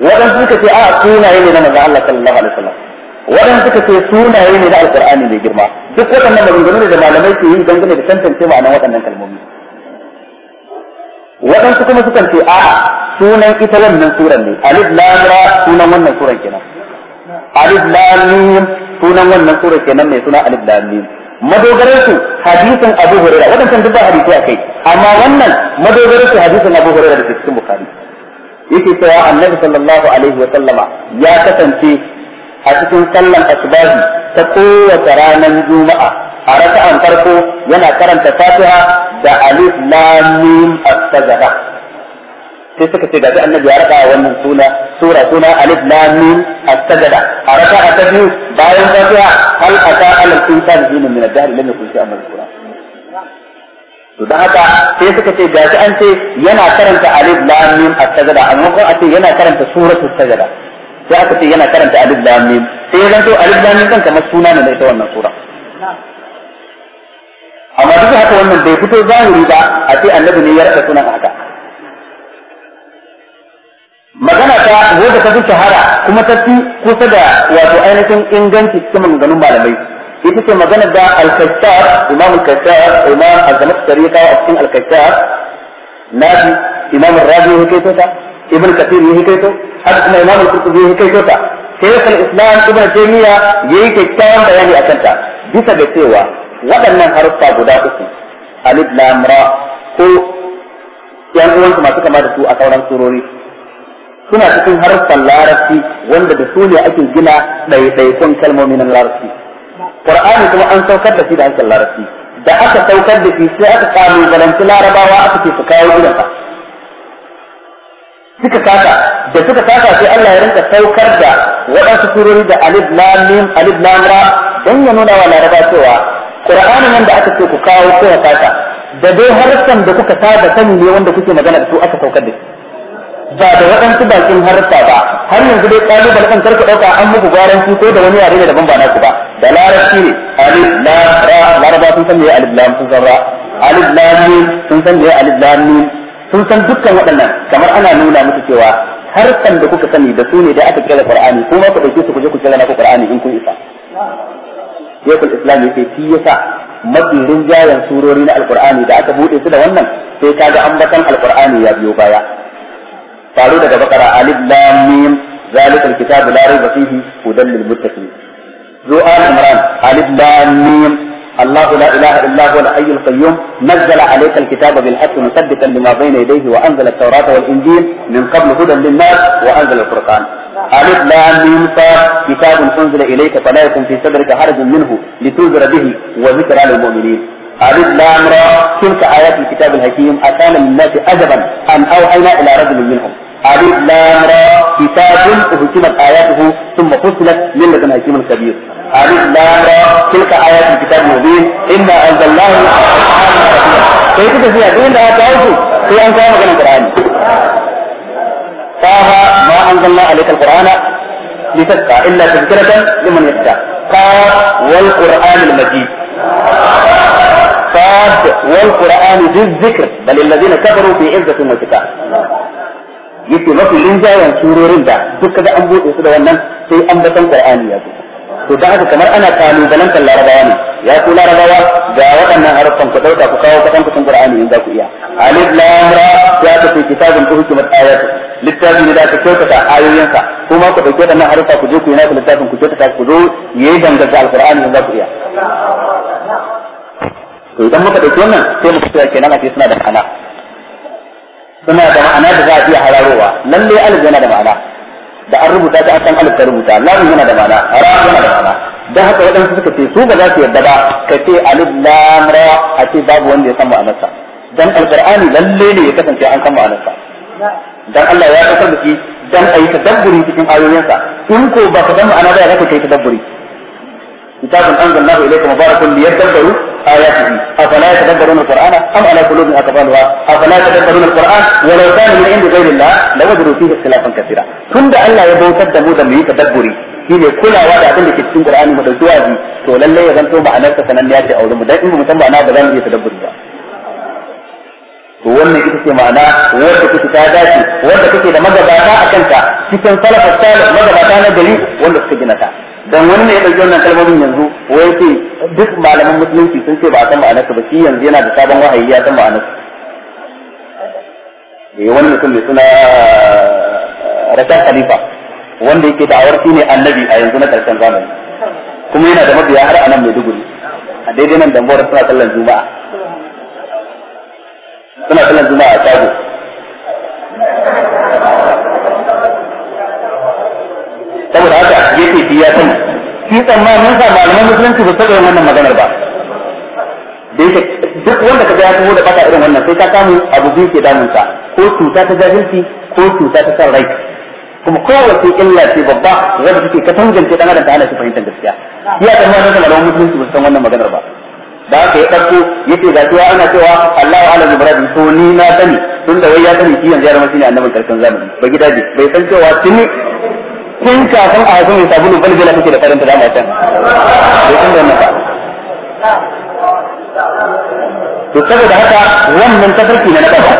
waɗansu suka ce a'a sunaye ne na manzon Allah sallallahu alaihi wasallam waɗansu suka ce sunaye ne na alqur'ani mai girma duk waɗannan maganganu ne da malamai ke yi dangane da tantance ma'anar waɗannan kalmomi waɗansu kuma sukan ce a'a sunan ita wannan suran ne alif lam ra sunan wannan suran kenan alif lam mim sunan wannan suran kenan mai suna alif lam mim madogarar su hadisin Abu Hurairah wadannan duk ba hadisi akai amma wannan madogarar su hadisin Abu Hurairah da cikin Bukhari yake cewa Annabi sallallahu alaihi wa sallama ya kasance a cikin sallan asbahi ta kowace ranar juma'a a raka'an farko yana karanta Fatiha da Alif Lam Mim as sai suka ce gaji annabi ya raka wannan suna sura suna alif lam mim as-sajda a raka'a bayan fatiha hal ata alal insan hinun min ad-dahr lam yakun shi amal qur'an to dan haka sai suka ce gaji an ce yana karanta alif lam mim as-sajda amma ko a ce yana karanta suratul sajda sai aka ce yana karanta alif lam mim sai ya zanto alif lam mim kan kamar suna ne da ita wannan sura amma duk haka wannan bai fito zahiri ba a ce annabi ne ya raka sunan haka magana ta wadda ta fi shahara kuma ta fi kusa da wato ainihin inganci cikin maganganun malamai ita ce magana da al imam al imam az-zamakhshari ka a cikin al-kashaf nafi imam ar ya kai ta ibn kathir ya kai ta har kuma imam al-qurtubi ya kai ta shaykh al-islam ibn ya yi kyakkyawan bayani a ta bisa da cewa waɗannan haruffa guda uku alif lam ra ko yan uwansu masu kama da su a sauran surori suna cikin harsan larabci wanda da su ne ake gina ɗaiɗaikun kalmomi na larabci qur'ani kuma an saukar da shi da harshen larabci da aka saukar da shi sai aka kalubalanci larabawa aka ce su kawo gidansa suka kasa da suka kasa sai Allah ya rinka saukar da waɗansu surori da alif lam mim alif lam ra ya nuna wa laraba cewa Ƙur'ani nan da aka ce ku kawo ko ya kasa da dai harsan da kuka saba sani ne wanda kuke magana da su aka saukar da shi ba da waɗansu bakin harfa ba har yanzu dai kalubalen kan karka ɗauka an muku gwaranci ko da wani yare ne daban ba naku ba da larabci ne alif lam ra laraba sun san me alif lam sun san ra alif lam mim sun san me alif lam mim sun san dukkan waɗannan kamar ana nuna musu cewa harfan da kuka sani da su ne da aka kira qur'ani kuma ku dauke su ku je ku kira naku qur'ani in kun isa yakul islam yake shi yasa mafi rinjayen surori na alqur'ani da aka bude su da wannan sai kaga ambatan alqur'ani ya biyo baya faru daga bakara alif lam mim zalikal kitabu la raiba fihi hudan lil muttaqin zo al imran alif lam mim الله لا اله الا هو الحي القيوم نزل عليك الكتاب بالحق مصدقا لما بين يديه وانزل التوراه والانجيل من قبل هدى للناس وانزل القران ألف لام ميم كتاب أنزل إليك فلا يكن في صدرك حرج منه لتنذر به وذكرى للمؤمنين ألف لام را تلك آيات الكتاب الحكيم أكان للناس أدبا أن أوحينا إلى رجل منهم ألف لام را كتاب أحكمت آياته ثم فصلت من لدن الكبير كبير ألف لام را تلك آيات الكتاب المبين إنا أنزلناه كيف تفيها دون لا تعرفه في أن كان مغنى القرآن طه ما أنزلنا عليك القرآن لتبقى إلا تذكرة لمن يخشى طه والقرآن المجيد صاد والقرآن ذي الذكر بل الذين كفروا في عزة وكتاب yake mafi linjayen surorin da duk kaga an buɗe su da wannan sai an batan qur'ani ya to da haka kamar ana kalubalantar larabawa ne ya ku larabawa ga waɗannan harafan ku ɗauka ku kawo kaɗan kusan qur'ani in za ku iya alif lam ra ya ta fi kitabun ku hukumat ayatu littafi ne da aka kyautata ayoyinsa kuma ku dauke waɗannan harfa ku je ku yi naku littafin ku kyautata ku zo yayi danganta alqur'ani in za ku iya to idan muka dauki wannan sai muka cewa kenan a suna da ana suna da ma'ana da za a iya hararowa lalle alif yana da ma'ana da an rubuta ta an san alif ta rubuta lamun yana da ma'ana ra yana da ma'ana da haka waɗansu suka ce su ba za su yarda ba ka ce alif lam ra a ce babu wanda ya san ma'anarsa dan alqur'ani lalle ne ya kasance an san ma'anarsa dan Allah ya kasar da shi dan ayi tadabburi cikin ayoyinsa in ko ba ka san ma'ana ba ka kai tadabburi kitabun anzalnahu ilayka mubarakun liyadabbaru آياته أفلا يتدبرون القرآن أم على قلوب أقبالها أفلا يتدبرون القرآن ولو كان من عند غير الله لوجدوا فيه اختلافا كثيرا كن أن لا يبغوا تدبوا ذنبي تدبري إن كل واحد عندك في القرآن مدلتوا هذه تولى لا يغنطوا مع نفسك تنميات أو لمدائم ومتنبع نابضا يتدبرها wannan ita ce ma'ana wanda kake ta dace wanda kake da magabata a kanka cikin salafa salaf magabata na gari wanda suka gina ta dan wannan ya dauki wannan kalmomin yanzu wai ce duk malaman musulunci sun ce ba a san ma'anarsa ba shi yanzu yana da sabon wahayi ya san ma'anarsa eh wani mutum mai suna eh, Rashad Khalifa wanda yake da'awar shine ne annabi a yanzu na karshen zamani kuma yana da mabiya har anan mai duguri a daidai nan da suna sallan juma'a suna sallan juma'a a shago saboda haka ce shi ya sani shi tsammanin sa malaman musulunci ba su wannan maganar ba da yake duk wanda ka ga ya taho da bata irin wannan sai ka samu abu biyu ke damun sa ko cuta ta jahilci ko cuta ta san rai kuma kowace illa ce babba wanda take ka tangance dan adam ta hana shi fahimtar gaskiya ya tsammanin sa malaman musulunci ba su san wannan maganar ba da aka ya ɗauko ya ce gashi wa ana cewa Allahu ala zubaradi to ni na sani tun da wai ya sani shi yanzu ya zama shine annabin karshen zamani ba gida bai san cewa tuni tun san a hasu mai sabulu balbala take da karanta dama can bai san da wannan ba to saboda haka wannan tafarki ne na kafa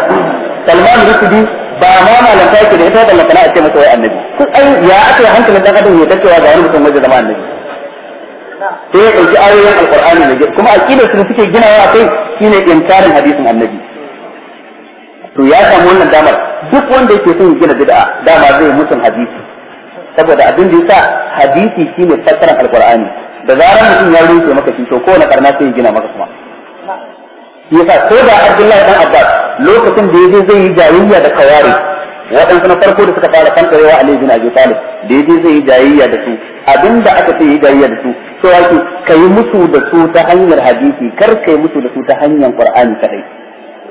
Salman Rushdie ba ma ta yake da ita da lakana a ce masa wai annabi kun ai ya aka yi hankalin dan adam ya tattawa ga wani mutum wajen zama annabi sai ya ɗauki ayoyin alqur'ani ne kuma aqidar su suke ginawa akai shine inkarin hadisin annabi to ya samu wannan damar duk wanda yake son gina bid'a dama zai mutun hadisi saboda abin da yasa hadisi shine fassarar alqur'ani da zarar mutum ya rufe maka shi to kowane karna sai ya gina maka kuma shi yasa ko da Abdullahi dan Abbas lokacin da yaje zai yi jayayya da kawari waɗansu na farko da suka fara kankarewa Ali bin Abi Talib da yaje zai yi jayayya da su abinda aka ce yi jayayya da su to wato kai musu da su ta hanyar hadisi kar kai musu da su ta hanyar Qur'ani kadai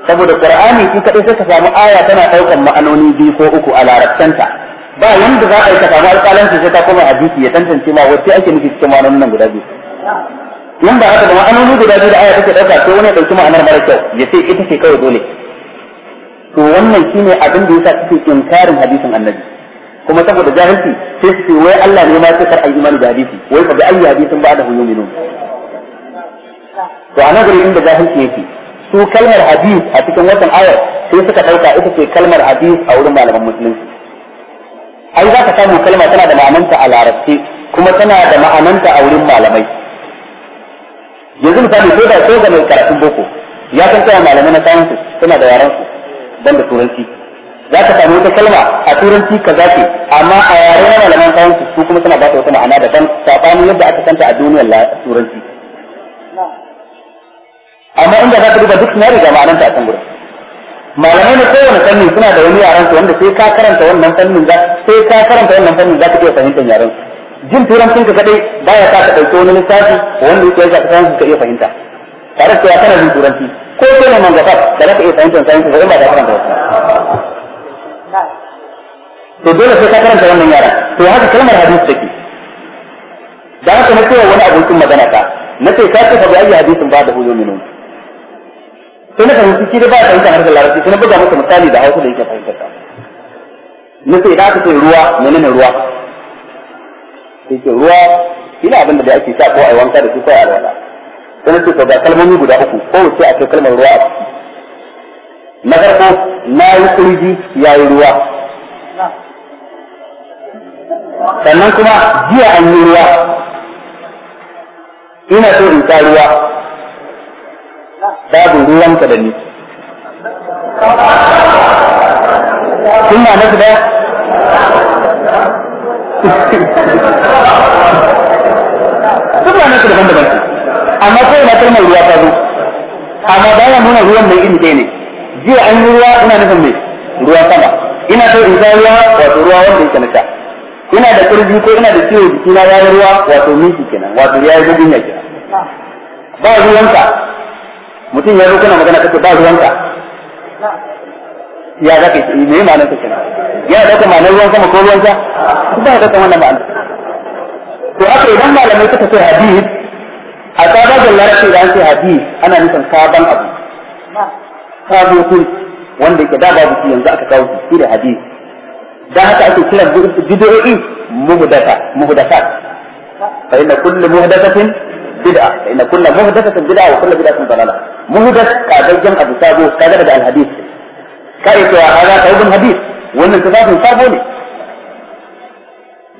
saboda Qur'ani shi kadai sai ka samu aya tana daukan ma'anoni biyu ko uku a larabcanta ba wanda za a yi ka samu alƙalanci sai ta koma hadisi ya tantance ma wacce ake nufi cikin ma'anonin nan guda biyu Yan ba haka ba ma'anoni guda biyu da aya take ɗauka sai wani ya ɗauki ma'anar mara kyau ya ce ita ce kawai dole to wannan shine abin da yasa suke inkarin hadisin annabi kuma saboda jahilci sai su ce wai Allah ne ma sai kar ayi imani da hadisi wai fa bi ayi hadisin ba da yuminun to ana gari inda jahilci yake su kalmar hadis a cikin wannan ayar sai suka ɗauka ita ce kalmar hadis a wurin malaman musulunci ai za ka samu kalma tana da ma'ananta a larabci kuma tana da ma'ananta a wurin malamai yanzu misali ko da ko ga mai karatun boko ya san cewa malamai na sayansu suna da yaran su dan da turanci za ka samu wata kalma a turanci ka zafi amma a yaren na malaman sayansu su kuma suna ba ta wata ma'ana daban sabanin yadda aka santa a duniyar turanci amma inda za ka duba duk na riga ma'ananta a can gurin malamai na kowane fannin suna da wani yaran su wanda sai ka karanta wannan fannin za sai ka karanta wannan fannin za ka iya fahimtar yaran jin turancin ka kadai baya sa ka dauki wani lissafi wanda yake za ka san ka iya fahimta tare da kana jin turanci ko kai ne manga fat da ka iya fahimtar sai ka ba ka karanta to dole sai ka karanta wannan yaran to haka kalmar hadisi take da haka na kowa wani abokin magana ka na ce ka ce fa bi ayi hadisin ba da huyo minun sai na fahimci shi da ba fahimta har da larabci sai na buga masa misali da hausa da yake fahimtar ta na sai da aka ce ruwa menene ruwa sai ce ruwa ina abin da ake sa ko a wanka da shi ko a rana sai na ce ga kalmomi guda uku ko wace a kai kalmar ruwa a ciki na farko na yi kurji ya yi ruwa sannan kuma jiya an yi ruwa ina so in ta ruwa babu ruwanka da ni kun ma nasu daya duk ma nasu daban-daban amma ko na kalmar ruwa ta zo amma ya nuna ruwan mai iri ɗaya ne jiya an yi ruwa ina nufin mai ruwa sama ina so in ruwa wato ruwa wanda yake na sha ina da kurji ko ina da ciwo jikina ya yi ruwa wato miki kenan wato ya yi gudun ya kenan ba ruwanka mutum ya rukuna magana ta ba ruwanka ya zaka yi me ma'anar ta kenan ya zaka ma'anar ruwan sama ko ruwan ja ba ya dauka wannan ma'anar to haka idan malamai suka ce hadith a sabon larabci da an ce hadith ana nufin sabon abu sabon sun wanda yake da babu shi yanzu aka kawo shi da hadith da haka ake kiran bid'o'i muhdatha muhdathat fa inna kullu muhdathatin بدعة لأن كل مهدسة بدعة وكل بدعة ضلالة مهدس كأججم أبو سابو كذا بدأ الحديث كأيك هذا طيب الحديث وإن انتفاق مصابوني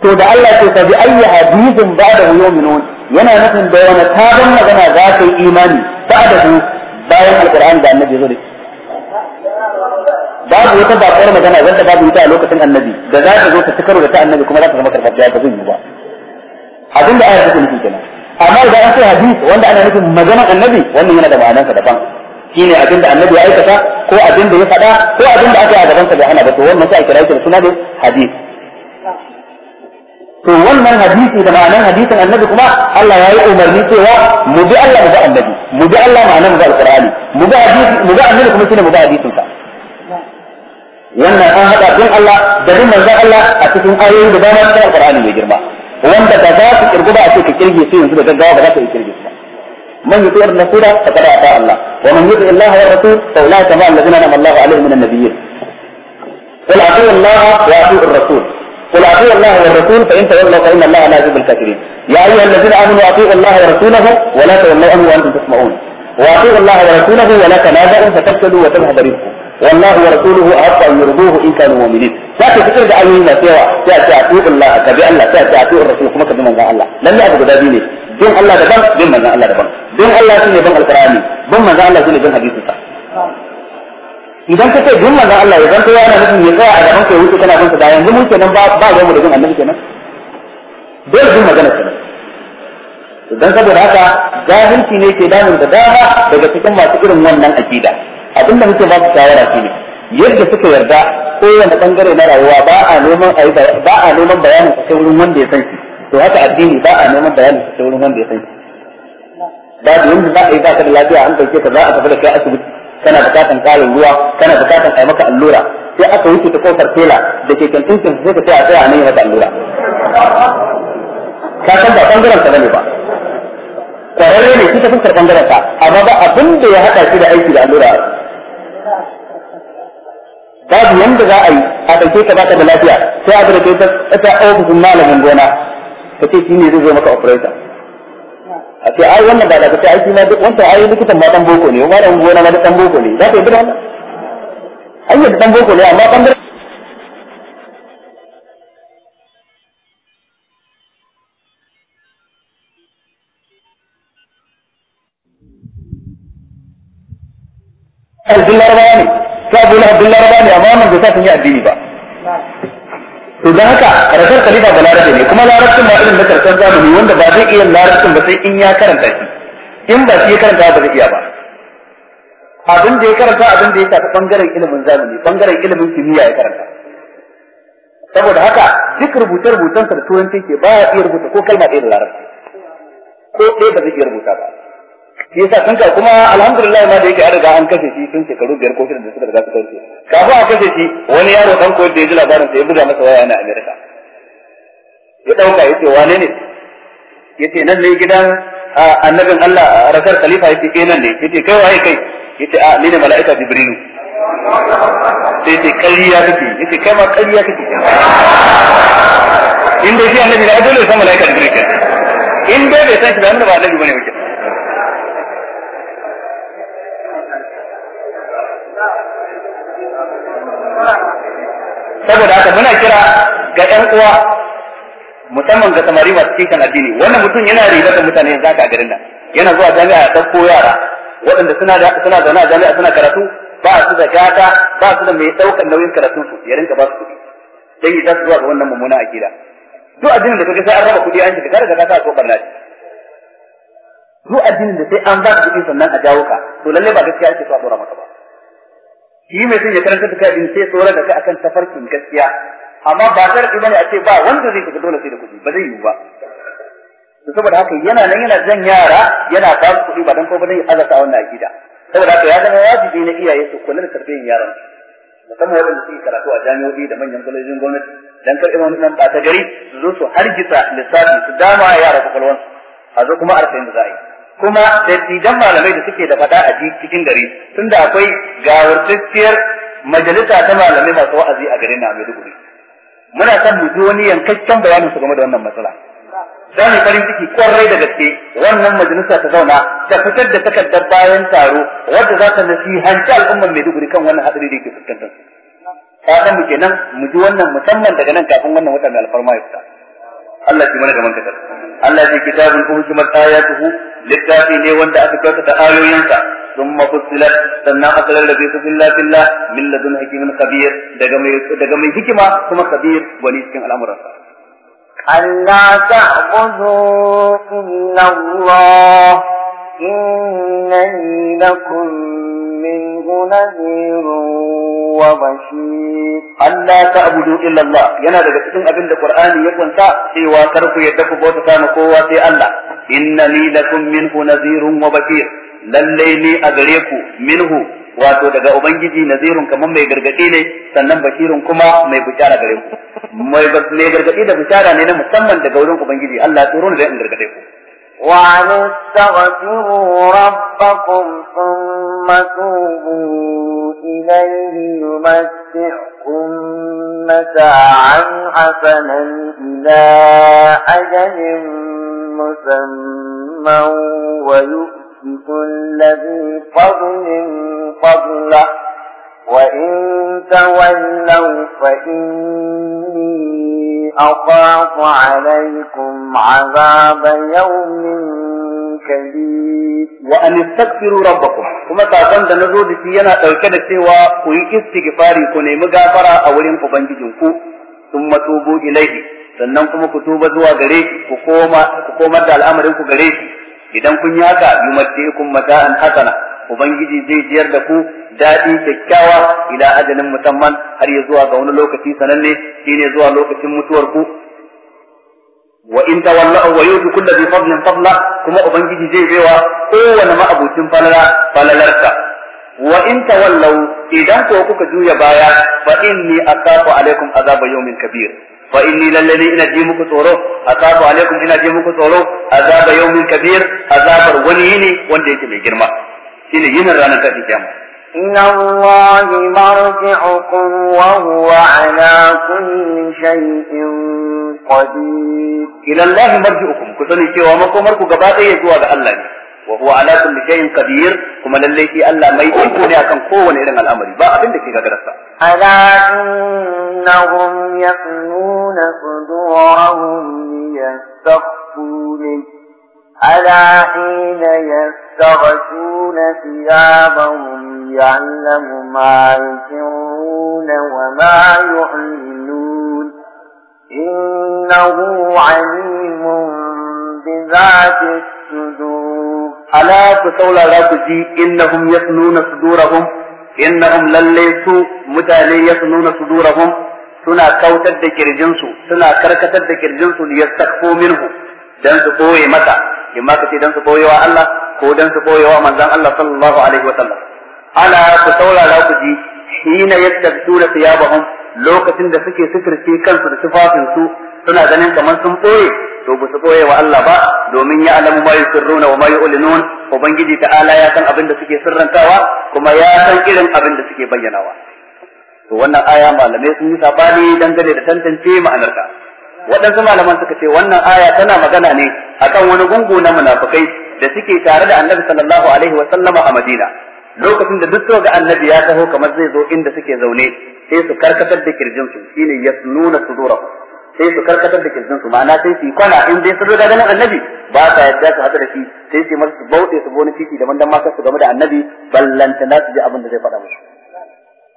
تودع الله تودع بأي حديث بعده يؤمنون ينا نفهم بيانا تابن لغنا ذات الإيمان بعده بيان القرآن بأن النبي ذلك باب يتبع قرر مجانا وانت باب يتبع لوكة النبي جزائر ذو تتكر ويتبع النبي كما لا تغمكر فجاء تظن الله هذا اللي آية تكون في الجنة amma idan an sai hadisi wanda ana nufin maganar annabi wannan yana da ma'anarsa daban shine abin da annabi ya aikata ko abin da ya faɗa ko abin da aka yi a gaban sa bai hana ba to wannan sai a kira shi da suna da hadisi to wannan hadisi da ma'anar hadisin annabi kuma Allah ya yi umarni cewa mu bi Allah mu bi annabi mu bi Allah ma'anar mu bi alqur'ani mu bi hadisi mu bi annabi kuma shine mu bi hadisin sa wannan an haɗa bin Allah da bin manzon Allah a cikin ayoyi da dama cikin alqur'ani mai girma wanda ba za su kirgu ba a ce kirgi su yanzu da gaggawa ba za ka yi kirge su man yuti ar-rasula faqad ta Allah wa man yuti Allah wa rasul fa ulai kama alladhina an'ama Allah alaihim minan nabiyyin qul ati'u Allah wa ati'u ar-rasul قل اطيعوا الله والرسول فان تولوا فان الله لا يحب الكافرين. يا ايها الذين امنوا اطيعوا الله ورسوله ولا تولوا عنه وانتم تسمعون. واطيعوا الله ورسوله ولا تنازعوا فتفسدوا وتذهب رزقكم. والله ورسوله أحق أن يرضوه إن كانوا مؤمنين zaka fitar da ayoyin masu yawa sai a ce atu Allah ka bi Allah sai a ce atu kuma ka bi manzon Allah lalle abu guda ne bin Allah daban bin manzon Allah daban bin Allah shine bin bin Allah idan ka ce bin manzon Allah ya zanto yana nufin ya tsaya a gaban kai wuce kana bin da yanzu mun kenan ba ba mu da annabi kenan dole bin magana kenan saboda haka jahilci ne ke damun da dama daga cikin masu irin wannan akida abin da muke ba su shawara shine yadda suka yarda kowane bangare na rayuwa ba a neman ba a neman bayanin sa sai wurin wanda ya san shi to haka addini ba a neman bayanin sa sai wurin wanda ya san shi da yanda za a yi baka da lafiya an dauke ka za a tafi da kai asibiti kana bukatan karin ruwa kana bukatan ayi maka allura sai aka wuce ta kofar tela da ke kantin sai ka tsaya tsaya a nan maka allura ka san ba bangaren ka bane ba kwararre ne shi ta fuskar bangaren ka amma ba abin da ya haɗa shi da aiki da allura babu yanda za a yi a ɗauke ka baka da lafiya sai a zara kai ta ta ofisin malamin gona ka ce shi ne zai zo maka operator a ce ai wannan ba da ka ce ai shi ma duk wancan ai likitan ma dan boko ne malamin gona ma duk dan boko ne za ka yi bida wannan ai yadda dan boko ne amma bangaren arzikin larabawa Bayani, ta abu lahab dun laraba ne amma wannan bai sa sun yi addini ba to dan haka rasar khalifa ba larabe ne kuma larabcin ba irin na karshen zamani wanda ba zai iya larabcin ba sai in ya karanta shi in ba shi ya karanta ba zai iya ba abin da ya karanta abin da ya shafi bangaren ilimin zamani bangaren ilimin kimiyya ya karanta saboda haka duk rubuce-rubucen sa da turanci ke ya iya rubuta ko kalma ɗaya da larabci ko ɗaya ba zai iya rubuta ba shi yasa sun ka kuma alhamdulillah ma da yake an riga an kashe shi tun shekaru biyar ko shida da suka riga suka wuce kafin a kashe shi wani yaro dan koyar da ya ji labarin sa ya buga masa waya na Amerika ya dauka ya ce wane ne ya ce nan ne gidan annabin Allah rasar khalifa ya ce ke eh, nan ne ya ce kai waye kai ya ce a ni ne mala'ika jibrilu sai ce kariya kake ya ce kai ma kariya kake in dai shi annabi na dole ya san mala'ika jibrilu in dai bai san shi ba annabi ba annabi bane wuce saboda haka muna kira ga ƴan uwa musamman ga samari masu cikin addini wannan mutum yana riba da mutane yanzu haka a garin nan yana zuwa jami'a ya ɗauko yara waɗanda suna da suna zaune a jami'a suna karatu ba su da gata ba su da mai ɗaukar nauyin su ya rinka ba su kuɗi dan yi su zuwa ga wannan mummuna gida duk addinin da kaga sai an raba kuɗi an shiga daga ka sa ko barna duk addinin da sai an ba ka kuɗi sannan a jawo ka to lalle ba gaskiya ake so a ɗora maka ba shi mai son karar karanta da kai sai tsora da kai akan tafarkin gaskiya amma ba tar ba ne a ce ba wanda zai shiga dole sai da kuɗi ba zai yiwu ba saboda haka yana nan yana jan yara yana ba su kuɗi ba dan ko ba zai azata wannan akida saboda haka ya zama wajibi na iyaye su kula da tarbiyyar yaran musamman waɗanda suke karatu a jami'o'i da manyan kwalejin gwamnati dan kar imam nan ba ta gari su zo su hargitsa lissafi su dama yara kwakwalwansu a zo kuma arsayin da za a yi kuma da dattijan malamai da suke da fada a cikin gari da akwai gawartacciyar majalisa ta malamai masu wa'azi a garin na Duguri. muna son mu ji wani yankakken bayanin su game da wannan matsala za mu farin ciki kwarai da gaske wannan majalisa ta zauna ta fitar da takardar bayan taro wadda za ta nasihanci al'ummar Maiduguri kan wannan hadari da ke fuskantar. Ka mu kenan mu ji wannan musamman daga nan kafin wannan watan alfarma ya fita. Allah ki mana gaman ka Allah ce kitabun kuma shi ya tuhu littafi ne wanda aka kyauta da ayoyinsa sun mafusila sannan aka lallabe su billah billah min ladun hakimin kabir daga mai daga mai hikima kuma kabir wani cikin al'amuran sa Allah ta'budu illallah إنني لكم منه نذير وبشير Allah ta'budu illa Allah yana daga cikin abin da Qur'ani ya kunta cewa kar ku yadda ku bauta na kowa sai Allah innani lakum minhu nazirun wa bashir lalle ni a gare ku minhu wato daga ubangiji nazirun kaman mai gargadi ne sannan bashirun kuma mai bishara gare ku mai gargadi da bishara ne na musamman daga wurin ubangiji Allah ya tsoro ne da in gargade ku وعنوا استغفروا ربكم ثم توبوا إليه يمسحكم متاعا حسنا إلى أجل مسمى ويؤسس الذي فضل فضله وإن تولوا فإني أخاف عليكم عذاب يوم كبير وأن استغفروا ربكم كما تعلم أن نزود فينا تركنا سوى كي استغفاري كوني مغافرة أولين فبنجي ثم توبوا إليه sannan kuma ku tuba zuwa gare shi ku koma ku komar da al'amarin ku gare shi idan kun yi haka yumatti'ukum mata'an hasana ubangiji zai jiyar da ku daɗi kyakkyawa ila ajalin musamman har ya zuwa ga wani lokaci sananne shine zuwa lokacin mutuwar ku wa in tawallahu wa yudu kullu bi fadlin fadla kuma ubangiji zai baiwa kowane ma'abucin falala falalarka? wa in tawallahu idan ko kuka juya baya fa inni aqafu alaikum azaba yawmin kabir fa inni lallani ina ji muku tsoro asabu alaikum ina ji muku tsoro azaba yawmin kabir azabar wani ne wanda yake mai girma shine yin ranar ta fiye mu. Ina wa yi maroke okunwa huwa a na kunni shayi in kwadi. ku sani cewa makomar ku gaba ɗaya zuwa ga Allah ne. Wa huwa ala kunni shayi in kuma lallai Allah mai iko ne akan kowane irin al'amari ba abin da ke ga darasa. A na kunna gumi ya kunu ya sa ألا حين يستغشون ثيابهم يعلم ما يسرون وما يعلنون إنه عليم بذات الصدور ألا تقول لا تجي إنهم يثنون صدورهم إنهم لليسوا متالي يثنون صدورهم suna kautar da kirjinsu suna karkatar da kirjinsu liyastakfu minhu dan su boye mata in ma ka ce dan su koyi wa Allah ko dan su koyi wa manzon Allah sallallahu alaihi wa sallam ala ku saurara ku ji hina yastabtuna thiyabahum lokacin da suke sukurce kansu da tufafin su suna ganin kamar sun boye to ba su koye wa Allah ba domin ya alamu ma yusirruna wa ma yu'linun ubangiji ta'ala ya san abin da suke sirrantawa kuma ya san irin abin da suke bayyanawa to wannan aya malamai sun yi sabani dangane da tantance ma'anarta waɗansu malaman suka ce wannan aya tana magana ne akan wani gungu na munafikai da suke tare da annabi sallallahu alaihi wa sallama a madina lokacin da duk ga annabi ya taho kamar zai zo inda suke zaune sai su karkatar da kirjin su shine yasnuna sudurahum sai su karkatar da kirjin su ma'ana sai su kwana in dai sun riga ganin annabi ba sa yadda su hada da shi sai su masu bauɗe su boni titi daban dan ma su game da annabi ballanta na su ji abin da zai faɗa musu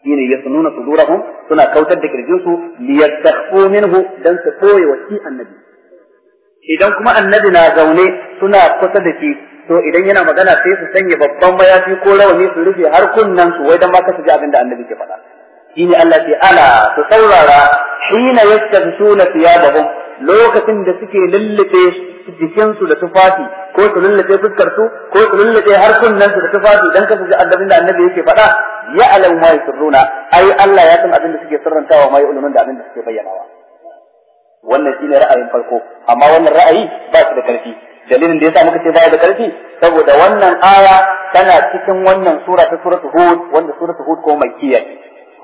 shine yasnuna sudurahum suna kautar da kirjin su liyastakhfu minhu dan su koye wa shi annabi idan kuma annabi na zaune suna kusa da shi to idan yana magana sai su sanya babban mayafi ko rawani su rufe har kunnan su wai dan ma kasu ji abin da annabi ke faɗa shine Allah ke ala su saurara hina yastaghshuna thiyabahum lokacin da suke lullube jikinsu da tufafi ko su lullace fuskarsu, ko su lullace harsunan su da tufafi dan kasu ji annabin da annabi yake faɗa ya alam ma yusirruna ai Allah ya san abin da suke sirrantawa ma ya'lamun da abin da suke bayyanawa wannan shine ra'ayin farko amma wannan ra'ayi ba shi da karfi dalilin da yasa muka ce baya da karfi saboda wannan aya tana cikin wannan sura ta suratul hud wanda suratul hud ko makkiya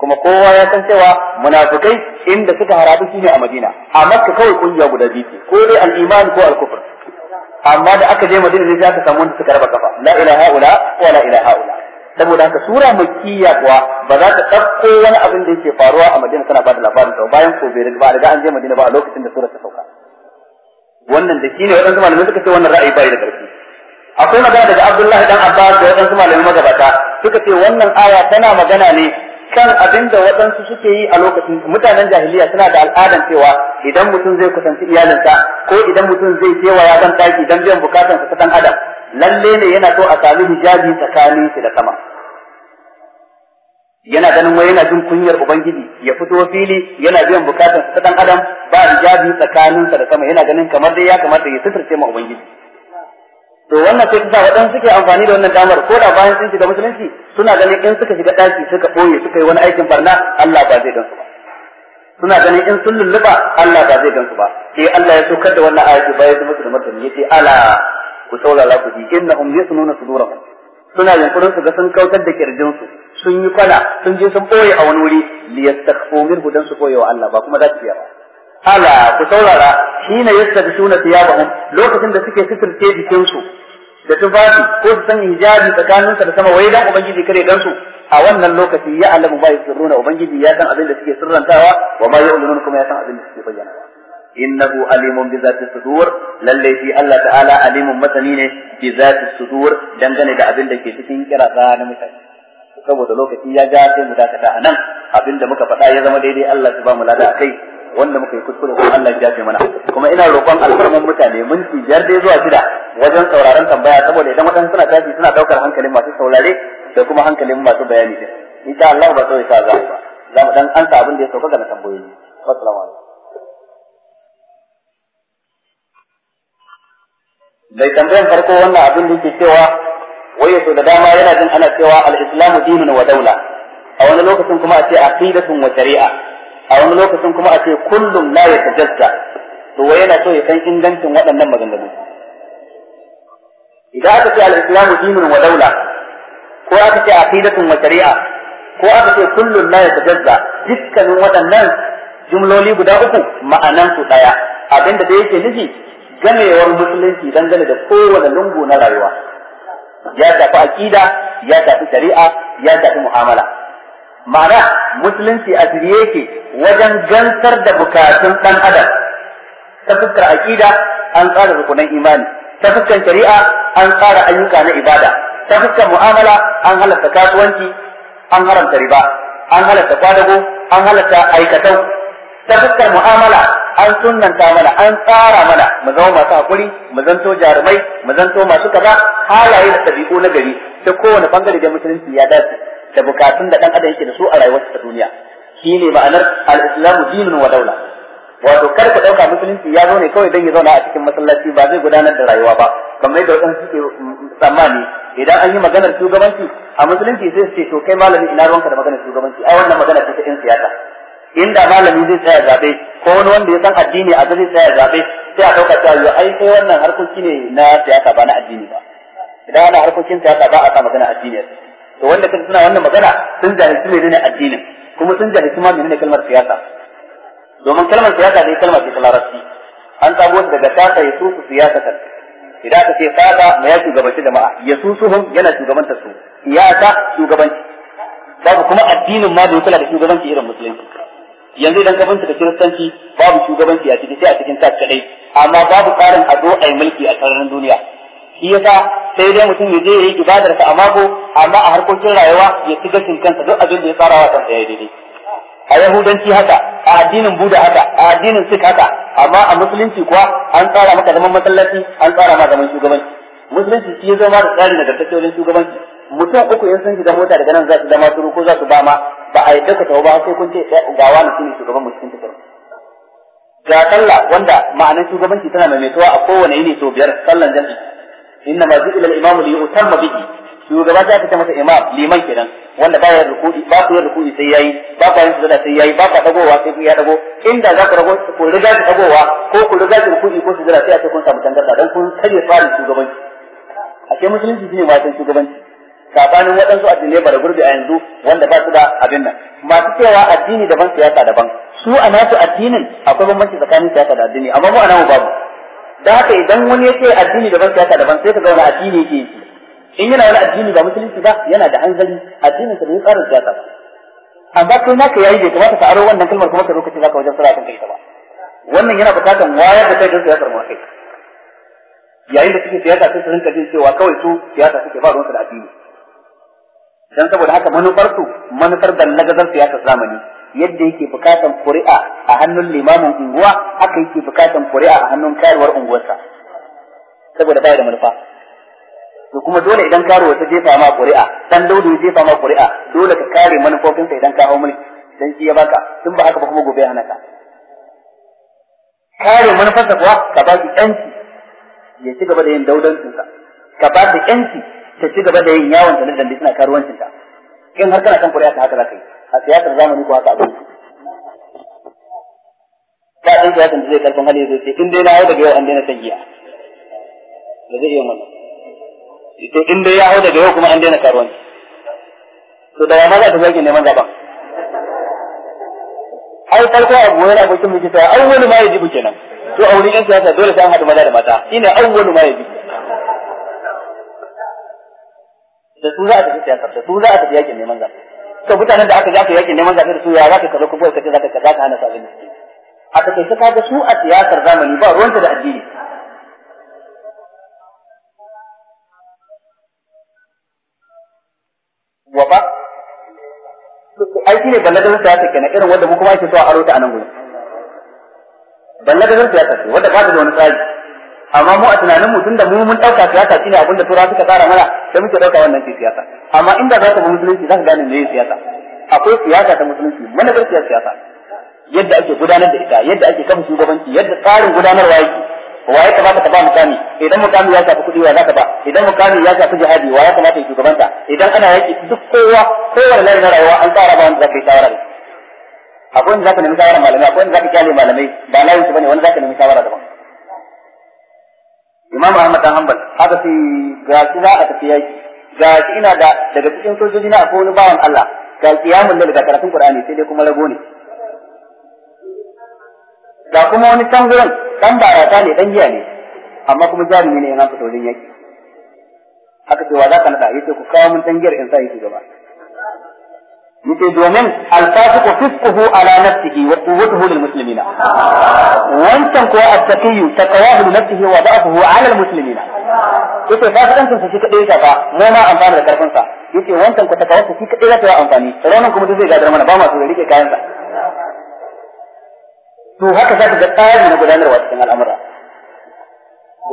kuma kowa ya san cewa munafikai inda suka harabu shine a Madina a Makka kawai kungiya guda biyu ce ko dai al-iman ko al-kufr amma da aka je Madina sai aka samu wanda suka raba kafa la ilaha illa wa la ilaha illa saboda haka sura makkiya kuwa ba za ta ɗauko wani abin da yake faruwa a Madina tana bada labarin ta. bayan ko bai ba riga an je Madina ba a lokacin da sura ta sauka wannan da shine waɗansu malamai suka ce wannan ra'ayi bai da karfi akwai magana daga Abdullahi dan Abbas da wadansu malamai magabata suka ce wannan aya tana magana ne kan abin da waɗansu suke yi a lokacin mutanen jahiliya suna da al'adan cewa idan mutum zai kusanci iyalinsa ko idan mutum zai ya dan ɗaki don biyan bukatansa ta ɗan adam lalle ne yana so a sami hijabi tsakanin shi da sama yana ganin wai yana jin kunyar ubangiji ya fito fili yana biyan bukatansa ta ɗan adam ba hijabi tsakaninsa da sama yana ganin kamar dai ya kamata ya suturce ma ubangiji to wannan sai ta waɗansu suke amfani da wannan damar ko da bayan sun shiga musulunci suna ganin in suka shiga ɗaki suka ɓoye suka yi wani aikin barna Allah ba zai gansu ba suna ganin in sun lulluɓa Allah ba zai gansu ba sai eh, Allah ya saukar da wannan ayati bayan ya musu da martani yace ala ku saurara ku ji innahum yasununa sudurahum suna yunkurin su ga sun kautar da kirjin su sun yi kwana sun je sun ɓoye a wani wuri yastakhfu min hudan su koyewa wa Allah ba kuma za su ba ala ku saurara shine yastagshuna thiyabahum lokacin da suke jikin su da tufafi ko su san hijabi tsakaninsa da sama wai dan ubangiji kare dan su a wannan lokaci ya alamu ba yusirruna ubangiji ya san abin da suke sirrantawa wa ma yu'linun kuma ya san abin da suke bayyana innahu alimun bi zati sudur lalle shi Allah ta'ala alimun masani ne bi zati sudur dangane da abin da ke cikin kirasa na mutane saboda lokaci ya ga sai mu dakata anan abin da muka faɗa ya zama daidai Allah su ba mu lada kai wanda muka yi kuskure ko Allah ya mana kuma ina roƙon alfarman mutane minti jar dai zuwa shida wajen sauraron tambaya saboda idan waɗansu suna tashi suna daukar hankalin masu saurare da kuma hankalin masu bayani din insha Allah ba zai sa za ba za mu dan ansa abin da ya sauka ga na tambayoyi assalamu alaikum dai tambayan farko wannan abin da yake cewa waye so da dama yana jin ana cewa al-islamu dinun wa daula a wani lokacin kuma a ce aqidatun wa shari'a a wani lokacin kuma a ce kullum la ya to wai yana so ya san ingancin waɗannan maganganu idan aka ce al-islamu dinun wa daula ko aka ce aqidatun wa shari'a ko aka ce kullum la ya dukkanin waɗannan jumloli guda uku ma'anan su daya abinda da yake nufi gamewar musulunci dangane da kowane lungu na rayuwa ya shafi aqida ya shafi shari'a ya shafi mu'amala ma'ana musulunci a shirye yake wajen gantar da bukatun ɗan adam ta fuskar aƙida an tsara rukunan imani ta fuskar shari'a an tsara ayyuka na ibada ta fuskar mu'amala an halarta kasuwanci an haramta riba an halatta kwadago an halatta aikatau ta fuskar mu'amala an sunanta mana an tsara mana mu zama masu hakuri mu zanto jarumai mu zanto masu kaza halaye da ɗabi'u na gari ta kowane bangare da musulunci ya dace da bukatun da dan adam yake da su a rayuwarsa ta duniya shine ma'anar al-islamu dinun wa daula wato kar ka dauka musulunci ya zo ne kawai dan ya zauna a cikin masallaci ba zai gudanar da rayuwa ba kamar yadda wadansu suke mm, tsammani idan an yi maganar shugabanci a musulunci sai su ce to kai malami ina ruwanka da maganar shugabanci ai wannan magana ce ta yan siyasa inda malami zai tsaya zabe ko wani wanda ya san addini a zai tsaya zabe sai a dauka cewa yo ai kai wannan harkoki ne na siyasa ba na addini ba idan ana harkokin siyasa ba a sa magana addini to wanda kan suna wannan magana sun jahilci ne addinin kuma sun jahilci ma menene kalmar siyasa domin kalmar siyasa dai kalmar ce ta larabci an sabo daga sata ya su siyasa kan idan aka ce sata mai ya shugabanci jama'a ya su suhun yana shugabantar su siyasa shugabanci babu kuma addinin ma da kula da shugabanci irin musulunci yanzu idan ka da kiristanci babu shugabanci a cikin sai a cikin ta kadai amma babu tsarin a zo a yi mulki a sararin duniya shi yasa sai dai mutum ya je ya yi sa a mako amma a harkokin rayuwa ya ci gashin kansa duk abin da ya fara wa kansa ya daidai a yahudanci haka a addinin buda haka a addinin sik haka amma a musulunci kuwa an tsara maka zaman masallaci an tsara ma zaman shugabanci musulunci shi ya zama da tsari da tattalin shugabanci mutum uku in sun shiga mota daga nan za su zama turu ko za su ba ma, ba a yadda ka ba sai kun ce eh, ga wani ne shugaban musulun ta ga sallah wanda ma'anar shugabanci tana maimaituwa a kowane yini sau biyar sallan jami'i inna ma zu'ila al-imamu li yutamma bihi shugaba za ka ta masa imam liman kenan wanda ba ya rukudi ba ku rukudi sai yayi ba ka yin sujada sai yayi ba ka dagowa sai ku ya dago inda za ku dago ku riga ku dagowa ko ku riga ku rukudi ko sujada sai a ce kun samu tangarda dan kun karya tsarin shugabanci a ce musulunci shine matan shugabanci sabanin waɗansu addinai bara gurbi a yanzu wanda ba su da abin nan masu cewa addini daban siyasa daban su a nasu addinin akwai bambanci tsakanin siyasa da addini amma mu a nan babu da haka idan wani yake addini daban siyasa daban sai ka zauna wani addini yake yi in yana wani addini ba musulunci ba yana da hanzari addinin sa da fara siyasa ba amma kai naka yayi bai kamata ka aro wannan kalmar kuma ka zo ka ce zaka wajen salatin kai ta ba wannan yana bukatan wayar da kai don siyasar mu kai yayin da suke siyasa sai su rinka jin cewa kawai su siyasa suke ba ruwansu da addini dan saboda haka manufar su manufar da zan siyasar zamani yadda yake bukatan kuri'a a hannun limamin unguwa haka yake bukatan kuri'a a hannun kayarwar unguwarsa saboda bai da manufa to kuma dole idan karo ta jefa ma kuri'a dan daudu ya jefa ma kuri'a dole ka kare manufofinsa idan ka hau mulki dan shi ya baka tun ba haka ba kuma gobe ya hana ka kare manufarsa kuwa ka ba shi yanci ya ci gaba da yin daudancinsa ka ba shi yanci ta ci gaba da yin yawon da na dandi suna karuwancinta in har kana kan kuri'a ta haka za ka yi a siyasar zamani kuwa ka abin ba ɗan siyasar da zai karfin hali zai ce in dai na hau daga yau an daina shan giya da zai iya wannan to in dai ya hau daga yau kuma an daina karuwanci to da ma za ta zaki neman zaɓen ai farko abu wani abokin mu kita awwalu ma ya yajibu kenan to a wurin yan siyasa dole sai an haɗu maza da mata ina awwalu ma ya yajibu da su za a tafi siyasar da su za a tafi yakin neman zaɓe to mutanen da aka ja ka yakin neman zaɓe da su ya za ka kaza kuma ka ce za ka kaza ka hana sabin da suke a takaice kaga su a siyasar zamani ba ruwanta da addini wa ba ai shine balladar siyasa kenan irin wanda mu kuma ake so a aro ta a nan gurin balladar siyasa ce wanda ba ta da wani tsari amma mu a tunanin mu tunda mu mun dauka siyasa shine abin da turawa suka tsara mana sai muke dauka wannan ce siyasa amma inda za ka ga musulunci za ka gane me siyasa akwai siyasa ta musulunci mana gaskiya siyasa yadda ake gudanar da ita yadda ake kafa shugabanci yadda tsarin gudanarwa yake wa ya kamata ka ba mukami idan mukami ya shafi kudi wa za ka ba idan mukami ya shafi jihadi wa ya kamata ya shugabanta idan ana yaki duk kowa kowa layi na rayuwa an tsara ba wanda za ka yi shawara da akwai wanda za ka nemi shawara malamai akwai wanda za ka kyale malamai ba layin su bane wanda za ka nemi shawara daban imam ahmad dan hanbal haka sai ga shi za a tafi yaki ga shi ina da daga cikin sojoji na akwai wani bawan Allah ga kiyamun da daga karatun qur'ani sai dai kuma rago ne ga kuma wani can gurin dan barata ne dan giya ne amma kuma jarumi ne yana fito wajen yaki haka sai wa za ka nada yace ku kawo mun ɗan giyar in sa yake gaba yake domin alfasiqu fisquhu ala nafsihi wa quwwatuhu lil muslimina wancan kuwa at-taqiyyu taqwahu li nafsihi wa da'fuhu ala al muslimina yake fasikancin shi kadai ya ba mu ma amfana da karfin sa yake wancan ku taqwahu shi kadai za ta yi amfani ranan kuma duk zai gadar mana ba ma so rike kayan sa to haka za ka ga tsari na gudanarwa cikin al'amura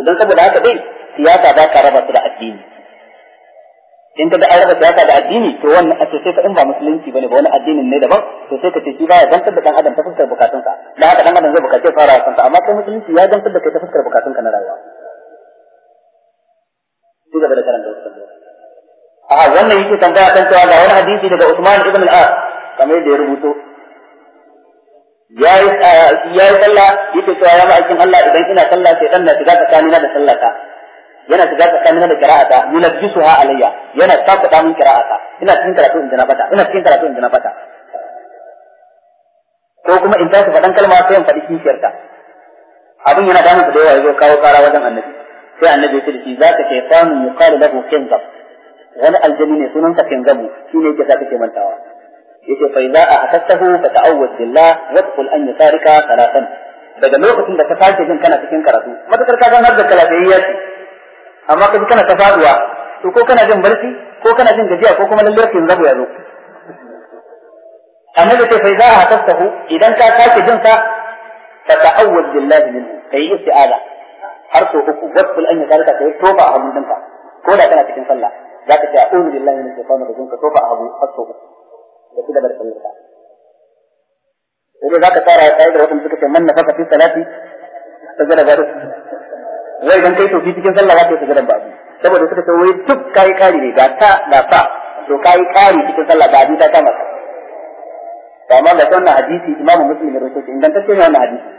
don saboda haka dai siyasa ba ka raba su da addini in ka da an raba siyasa da addini to wannan a sai ka in ba musulunci bane ba wani addinin ne daban to sai ka ce shi baya dantar da dan adam ta fuskar bukatunsa da haka dan adam zai bukace fara kansa amma kai musulunci ya dantar da kai ta fuskar bukatunka na rayuwa ci gaba da karanta wasu a wannan yake tambaya kan cewa ga wani hadisi daga Usman ibn al-As kamar da ya rubuto yayi yayi sallah yake cewa ya ma'aikin Allah idan ina sallah sai dan na shiga tsakanina da sallata yana shiga tsakanin da qira'ata yulajjisuha alayya yana tsaka da min qira'ata ina cikin karatu in na fata ina cikin karatu in na fata ko kuma in tashi fadan kalma sai in fadi kishiyar ta abin yana da damun da yawa yazo kawo kara wajen annabi sai annabi ya ce da shi zaka shaytanu yuqalu lahu kinzab wani aljani ne sunan ka kinzabu shine yake sa kai mantawa yace fa idza ahatahu fa ta'awwad billah wa qul an yusarika salatan daga lokacin da ka sake jin kana cikin karatu matakar ka ga har da kalafiyya ce amma kaji kana ta faduwa to ko kana jin barci ko kana jin gajiya ko kuma lallai kin zabu ya zo annabi ce fa idza hatastahu idan ka sake jin sa fa ta'awwaz billahi min kai isti'aza har ko ku wasful an yaka ka kai toba a hannun ka ko da kana cikin sallah za ka ce a'udhu billahi min shaitanir rajim ka toba a abu har ko ku da kida da barkan ka sai za ka tsara sai tsaye da wadanda suka ce man nafaka fi salati ta zara ba wai idan kai tofi cikin sallah za ka yi sujudan babu saboda suka ce wai duk kai kari ne ga ta da fa to kai kari cikin sallah ba ta kama ka to amma da wannan hadisi imamu muslim ya rawaito shi ingantacce ne wannan hadisi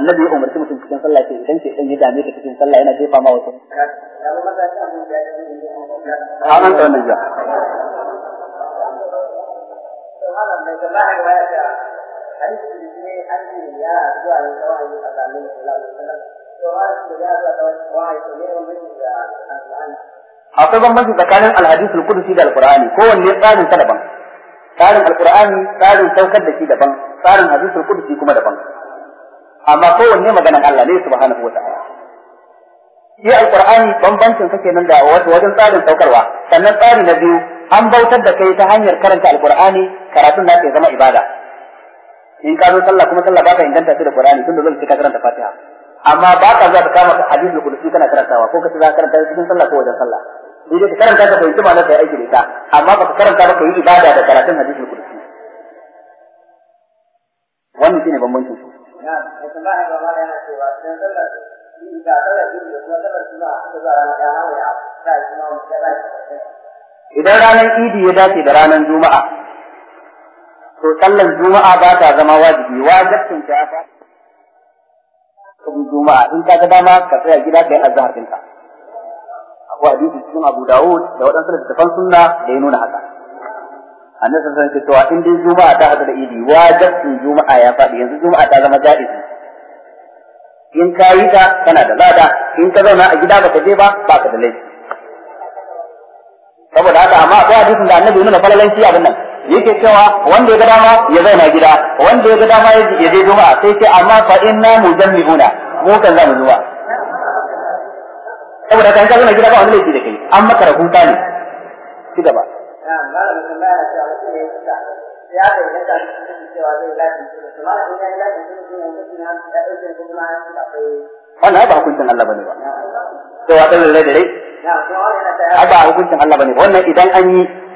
annabi ya umarci mutum cikin sallah ce idan ke dan ya dame ka cikin sallah yana jefa ma wasu a nan ta wannan ja hadisi ne an yi ya zuwa ya tsawon a sallallahu alaihi wasallam akwai bambanci tsakanin alhadis al-qudsi da al-qur'ani kowanne tsarin ta daban tsarin al tsarin saukar da shi daban tsarin hadisi al kuma daban amma kowanne maganan Allah ne subhanahu wa ta'ala shi al bambancin sa kenan da wato wajen tsarin saukarwa sannan tsari na biyu an bautar da kai ta hanyar karanta al-qur'ani karatun na ke zama ibada in ka zo sallah kuma sallah ba ka inganta shi da qur'ani tunda zai ka karanta fatiha amma ba ka za ka kama da kudusi kana karantawa ko ka za ka karanta cikin sallah ko wajen sallah sai dai ka karanta ka fahimci ma'anar kai aiki da ita amma ba ka karanta ba ka yi ibada da karatun da kudusi wannan shine bambancin su idan ranar idi ya dace da ranar juma'a to tsallar juma'a ba ta zama wajibi wajibcin ta juma'a in ka ga dama ka tsaya gida kai azhar ɗinka akwai hadisi cikin Abu Dawud da waɗansu littattafan sunna da ya nuna haka annabi sallallahu alaihi wasallam cewa in dai juma'a ta hada da idi wajibin juma'a ya faɗi yanzu juma'a ta zama jaizi in ka yi ta kana da lada in ka zauna a gida baka je ba ba ka da laifi saboda haka amma akwai hadisin da annabi nuna falalanci abin nan yake cewa wanda ya ga dama ya zauna gida wanda ya ga dama ya je juma'a sai ce amma fa inna mujammi'una mu kan zamu zuwa saboda kan ka zauna gida ba wani laifi da kai an maka ta ne ci gaba ya wannan ba hukuncin Allah bane ba to wa dare dare ai ba hukuncin Allah bane wannan idan an yi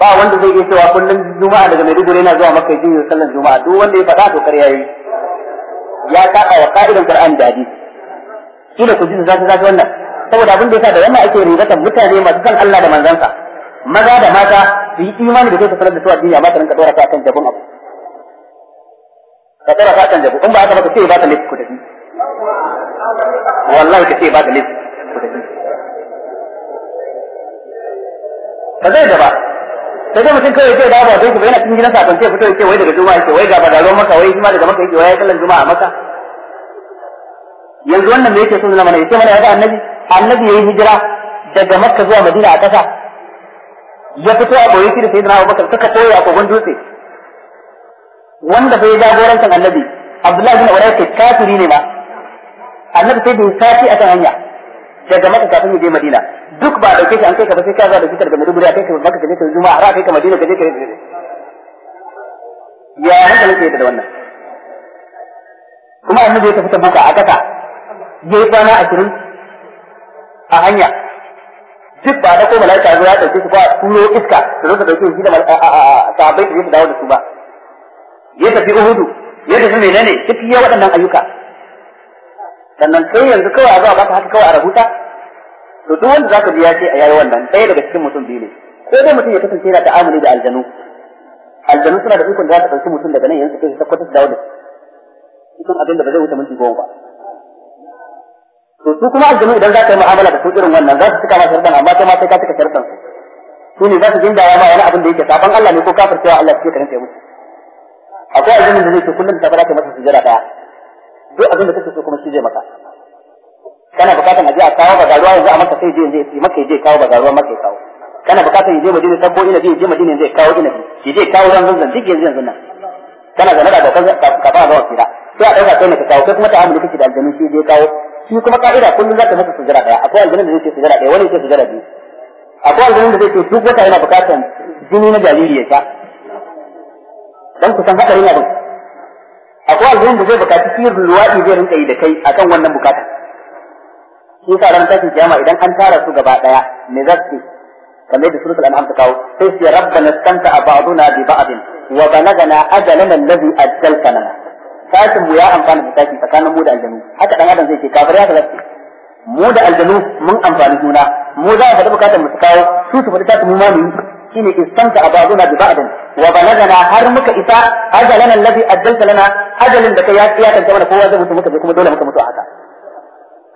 ba wanda zai iya cewa kullum juma'a daga mai Maiduguri yana zuwa Makka yin sallar juma'a duk wanda ya faɗa to ƙarya yayi ya taɓa wa ka'idan Qur'ani da hadisi kila ku ji da zaka zaka wannan saboda abin da yasa da wannan ake rigata mutane masu san Allah da manzansa maza da mata su yi imani da kai ka sanar da su addini amma ta rinka dora ta kan jabun abu ka dora ta kan jabun in ba haka ba ka ce ba ka lissu ku da tafi wallahi ka ce ba ka lissu ku da tafi ba zai da ba da zai mutum kawai sai dawo ba ku ba cin cikin sakon kwance fito ce wai daga juma'a ce wai ga ruwan maka wai shi daga maka yake wai kallan sallan juma'a maka yanzu wannan me yake zama mana yake mana yaga annabi annabi yayi hijira daga makka zuwa madina a kasa ya fito a boye shi da sayyidina abubakar suka koya a kogon dutse wanda bai jagorancin annabi abdullahi bin urayka kafiri ne ma annabi sai da sati kan hanya daga maka kafin ya je madina duk ba dauke shi an kai ka ba sai ka za da kitar da maduguri a kai ka maka ka je ka zuma har kai ka madina ka je ka ya hankali ke da wannan kuma annabi ya tafi tabuka a kasa ya yi kwana ashirin a hanya duk ba da ko mala'ika zo ya dauke shi ba turo iska su zo ka dauke shi da sahabbai su je su dawo da su ba ya tafi uhudu ya tafi menene duk ya waɗannan ayyuka sannan sai yanzu kawai a zo a baka haka kawai a rahuta to duk wanda zaka biya sai a yayi wannan ɗaya daga cikin mutum biyu ne ko dai mutum ya kasance yana ta'amuli da aljanu aljanu suna da ikon da za ɗauki mutum daga nan yanzu kai ta kwatanta dawo da ikon abin da ba zai wuce minti goma ba to su kuma aljanu idan za ka yi mu'amala da su irin wannan za su cika ma sharɗan amma kai ma sai ka cika sharɗan su su ne za su jindawa ma wani abin da yake saban Allah ne ko cewa Allah suke yi musu akwai aljanu da zai ce kullum ta fara ka masa sujjara daya duk abin da kake so kuma shi zai maka kana bukatan aje a kawo bagaruwa yanzu a maka sai je yanzu ya maka je kawo bagaruwa maka kawo kana bukatan yaje madina tabbo ina je je madina yanzu ya kawo ina shi zai kawo ran zanzan duk yanzu yanzu nan kana zana da abokan ka ba ga wakira sai a dauka kai ne ka kawo kai kuma ta amu kake da aljanu shi zai kawo shi kuma ka'ida kullum zaka ka masa sujjada daya akwai aljanun da zai ce sujjada daya wani zai sujjada biyu akwai aljanun da zai ce duk wata yana bukatan jini na jariri ya sha dan ku san hadarin abin akwai aljihun da zai bukaci da luwaɗi zai rinka yi da kai a kan wannan bukata shi sa ranar tashin kiyama idan an tara su gaba ɗaya, me za su kamar yadda surutu an'am ta kawo sai su na santa a ba'duna bi ba'din wa balagana ajalana allazi ajjaltana sashin mu ya amfana da tashi tsakanin mu da aljanu haka dan adam zai ce kafir ya zalafi mu da aljanu mun amfani juna mu za a faɗi bukatar mu su kawo su su faɗi tasu mu ma mu yi shine istanta a ba'duna bi abin? wa balagana har muka isa ajalana allazi ajjalta lana ajalin da kai ya ya kanta mana kowa zai mutu muka je kuma dole muka mutu a haka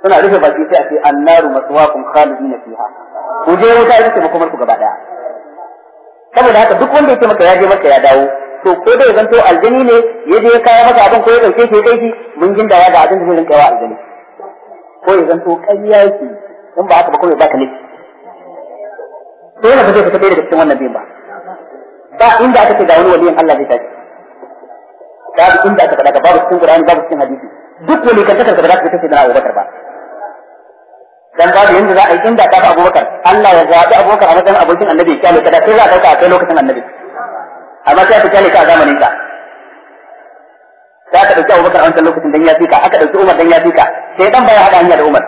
suna rufe baki sai a ce annaru maswaqum khalidina fiha ku je wuta ita ce makomar ku saboda haka duk wanda yake maka ya je maka ya dawo to ko dai zanto aljani ne ya je kaya maka abin ko ya dauke shi kai shi mun jin da ya ga abin da zai rinka ko ya zanto ƙarya yake in ba haka ba kuma ba ka ne dole ba zai fita daga cikin wannan biyan ba ba inda aka ce ga wani waliyin Allah zai tashi babu inda aka faɗa ka babu cikin Qur'ani babu cikin hadisi duk wani kan takarda ba za ka tace da Abubakar ba dan babu yanda za a yi inda ka Abubakar Allah ya zabi Abubakar a matsayin abokin Annabi ya kyale ka da kai za ka kai lokacin Annabi amma sai ka kyale ka a zamanin ka za ka dauki Abubakar a wancan lokacin dan ya fika aka dauki Umar dan ya fika sai dan baya hada hanya da Umar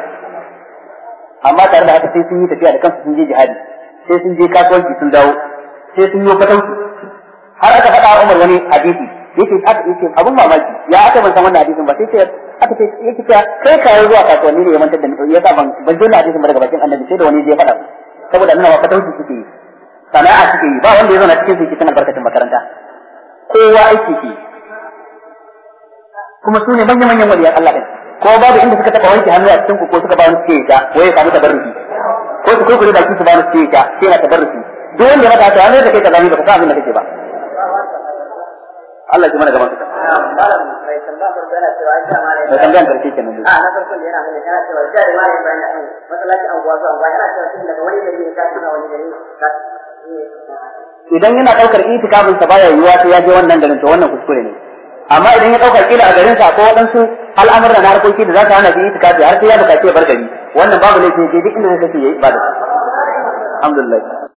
amma tare da haka sai sun yi tafiya da kansu sun je jihadi sai sun je kasuwanci sun dawo sai sun yi fatan har aka faɗa Umar wani hadisi yake yake abun mamaki ya aka ban san wannan hadisin ba sai ce aka ce yake ta kai kayan zuwa kasuwanni ne ya mantar da ni ya sa ban ban jona hadisin ba daga bakin annabi sai da wani ya faɗa saboda nuna wa fatan suke yi sana'a suke yi ba wanda ya zauna cikin su yake tana barkacin makaranta kowa aiki ke kuma su ne manya-manyan waliyan Allah ɗin ko babu inda suka taɓa wanke hannu a cikin ko suka ba wani suke ta ko ya samu tabarruki ko su kurkure baki su ba wani suke ta sai na tabarruki duk wanda ya ta ne da kai kaza ne ba ka abin da kake ba Allah ya mana gaban ka mai ah, da mare mai tambayar na yana masallaci yana shi wani gari ne ka wani gari ka idan yana ɗaukar itikafin sa baya yiwuwa sai ya je wannan garin to wannan kuskure ne amma idan ya ɗaukar kila a garin sa ko waɗansu al'amuran na harkoki da za su hana shi itikafi har sai ya bukaci ya bar gari wannan babu laifi je duk inda zai kace yayi da alhamdulillah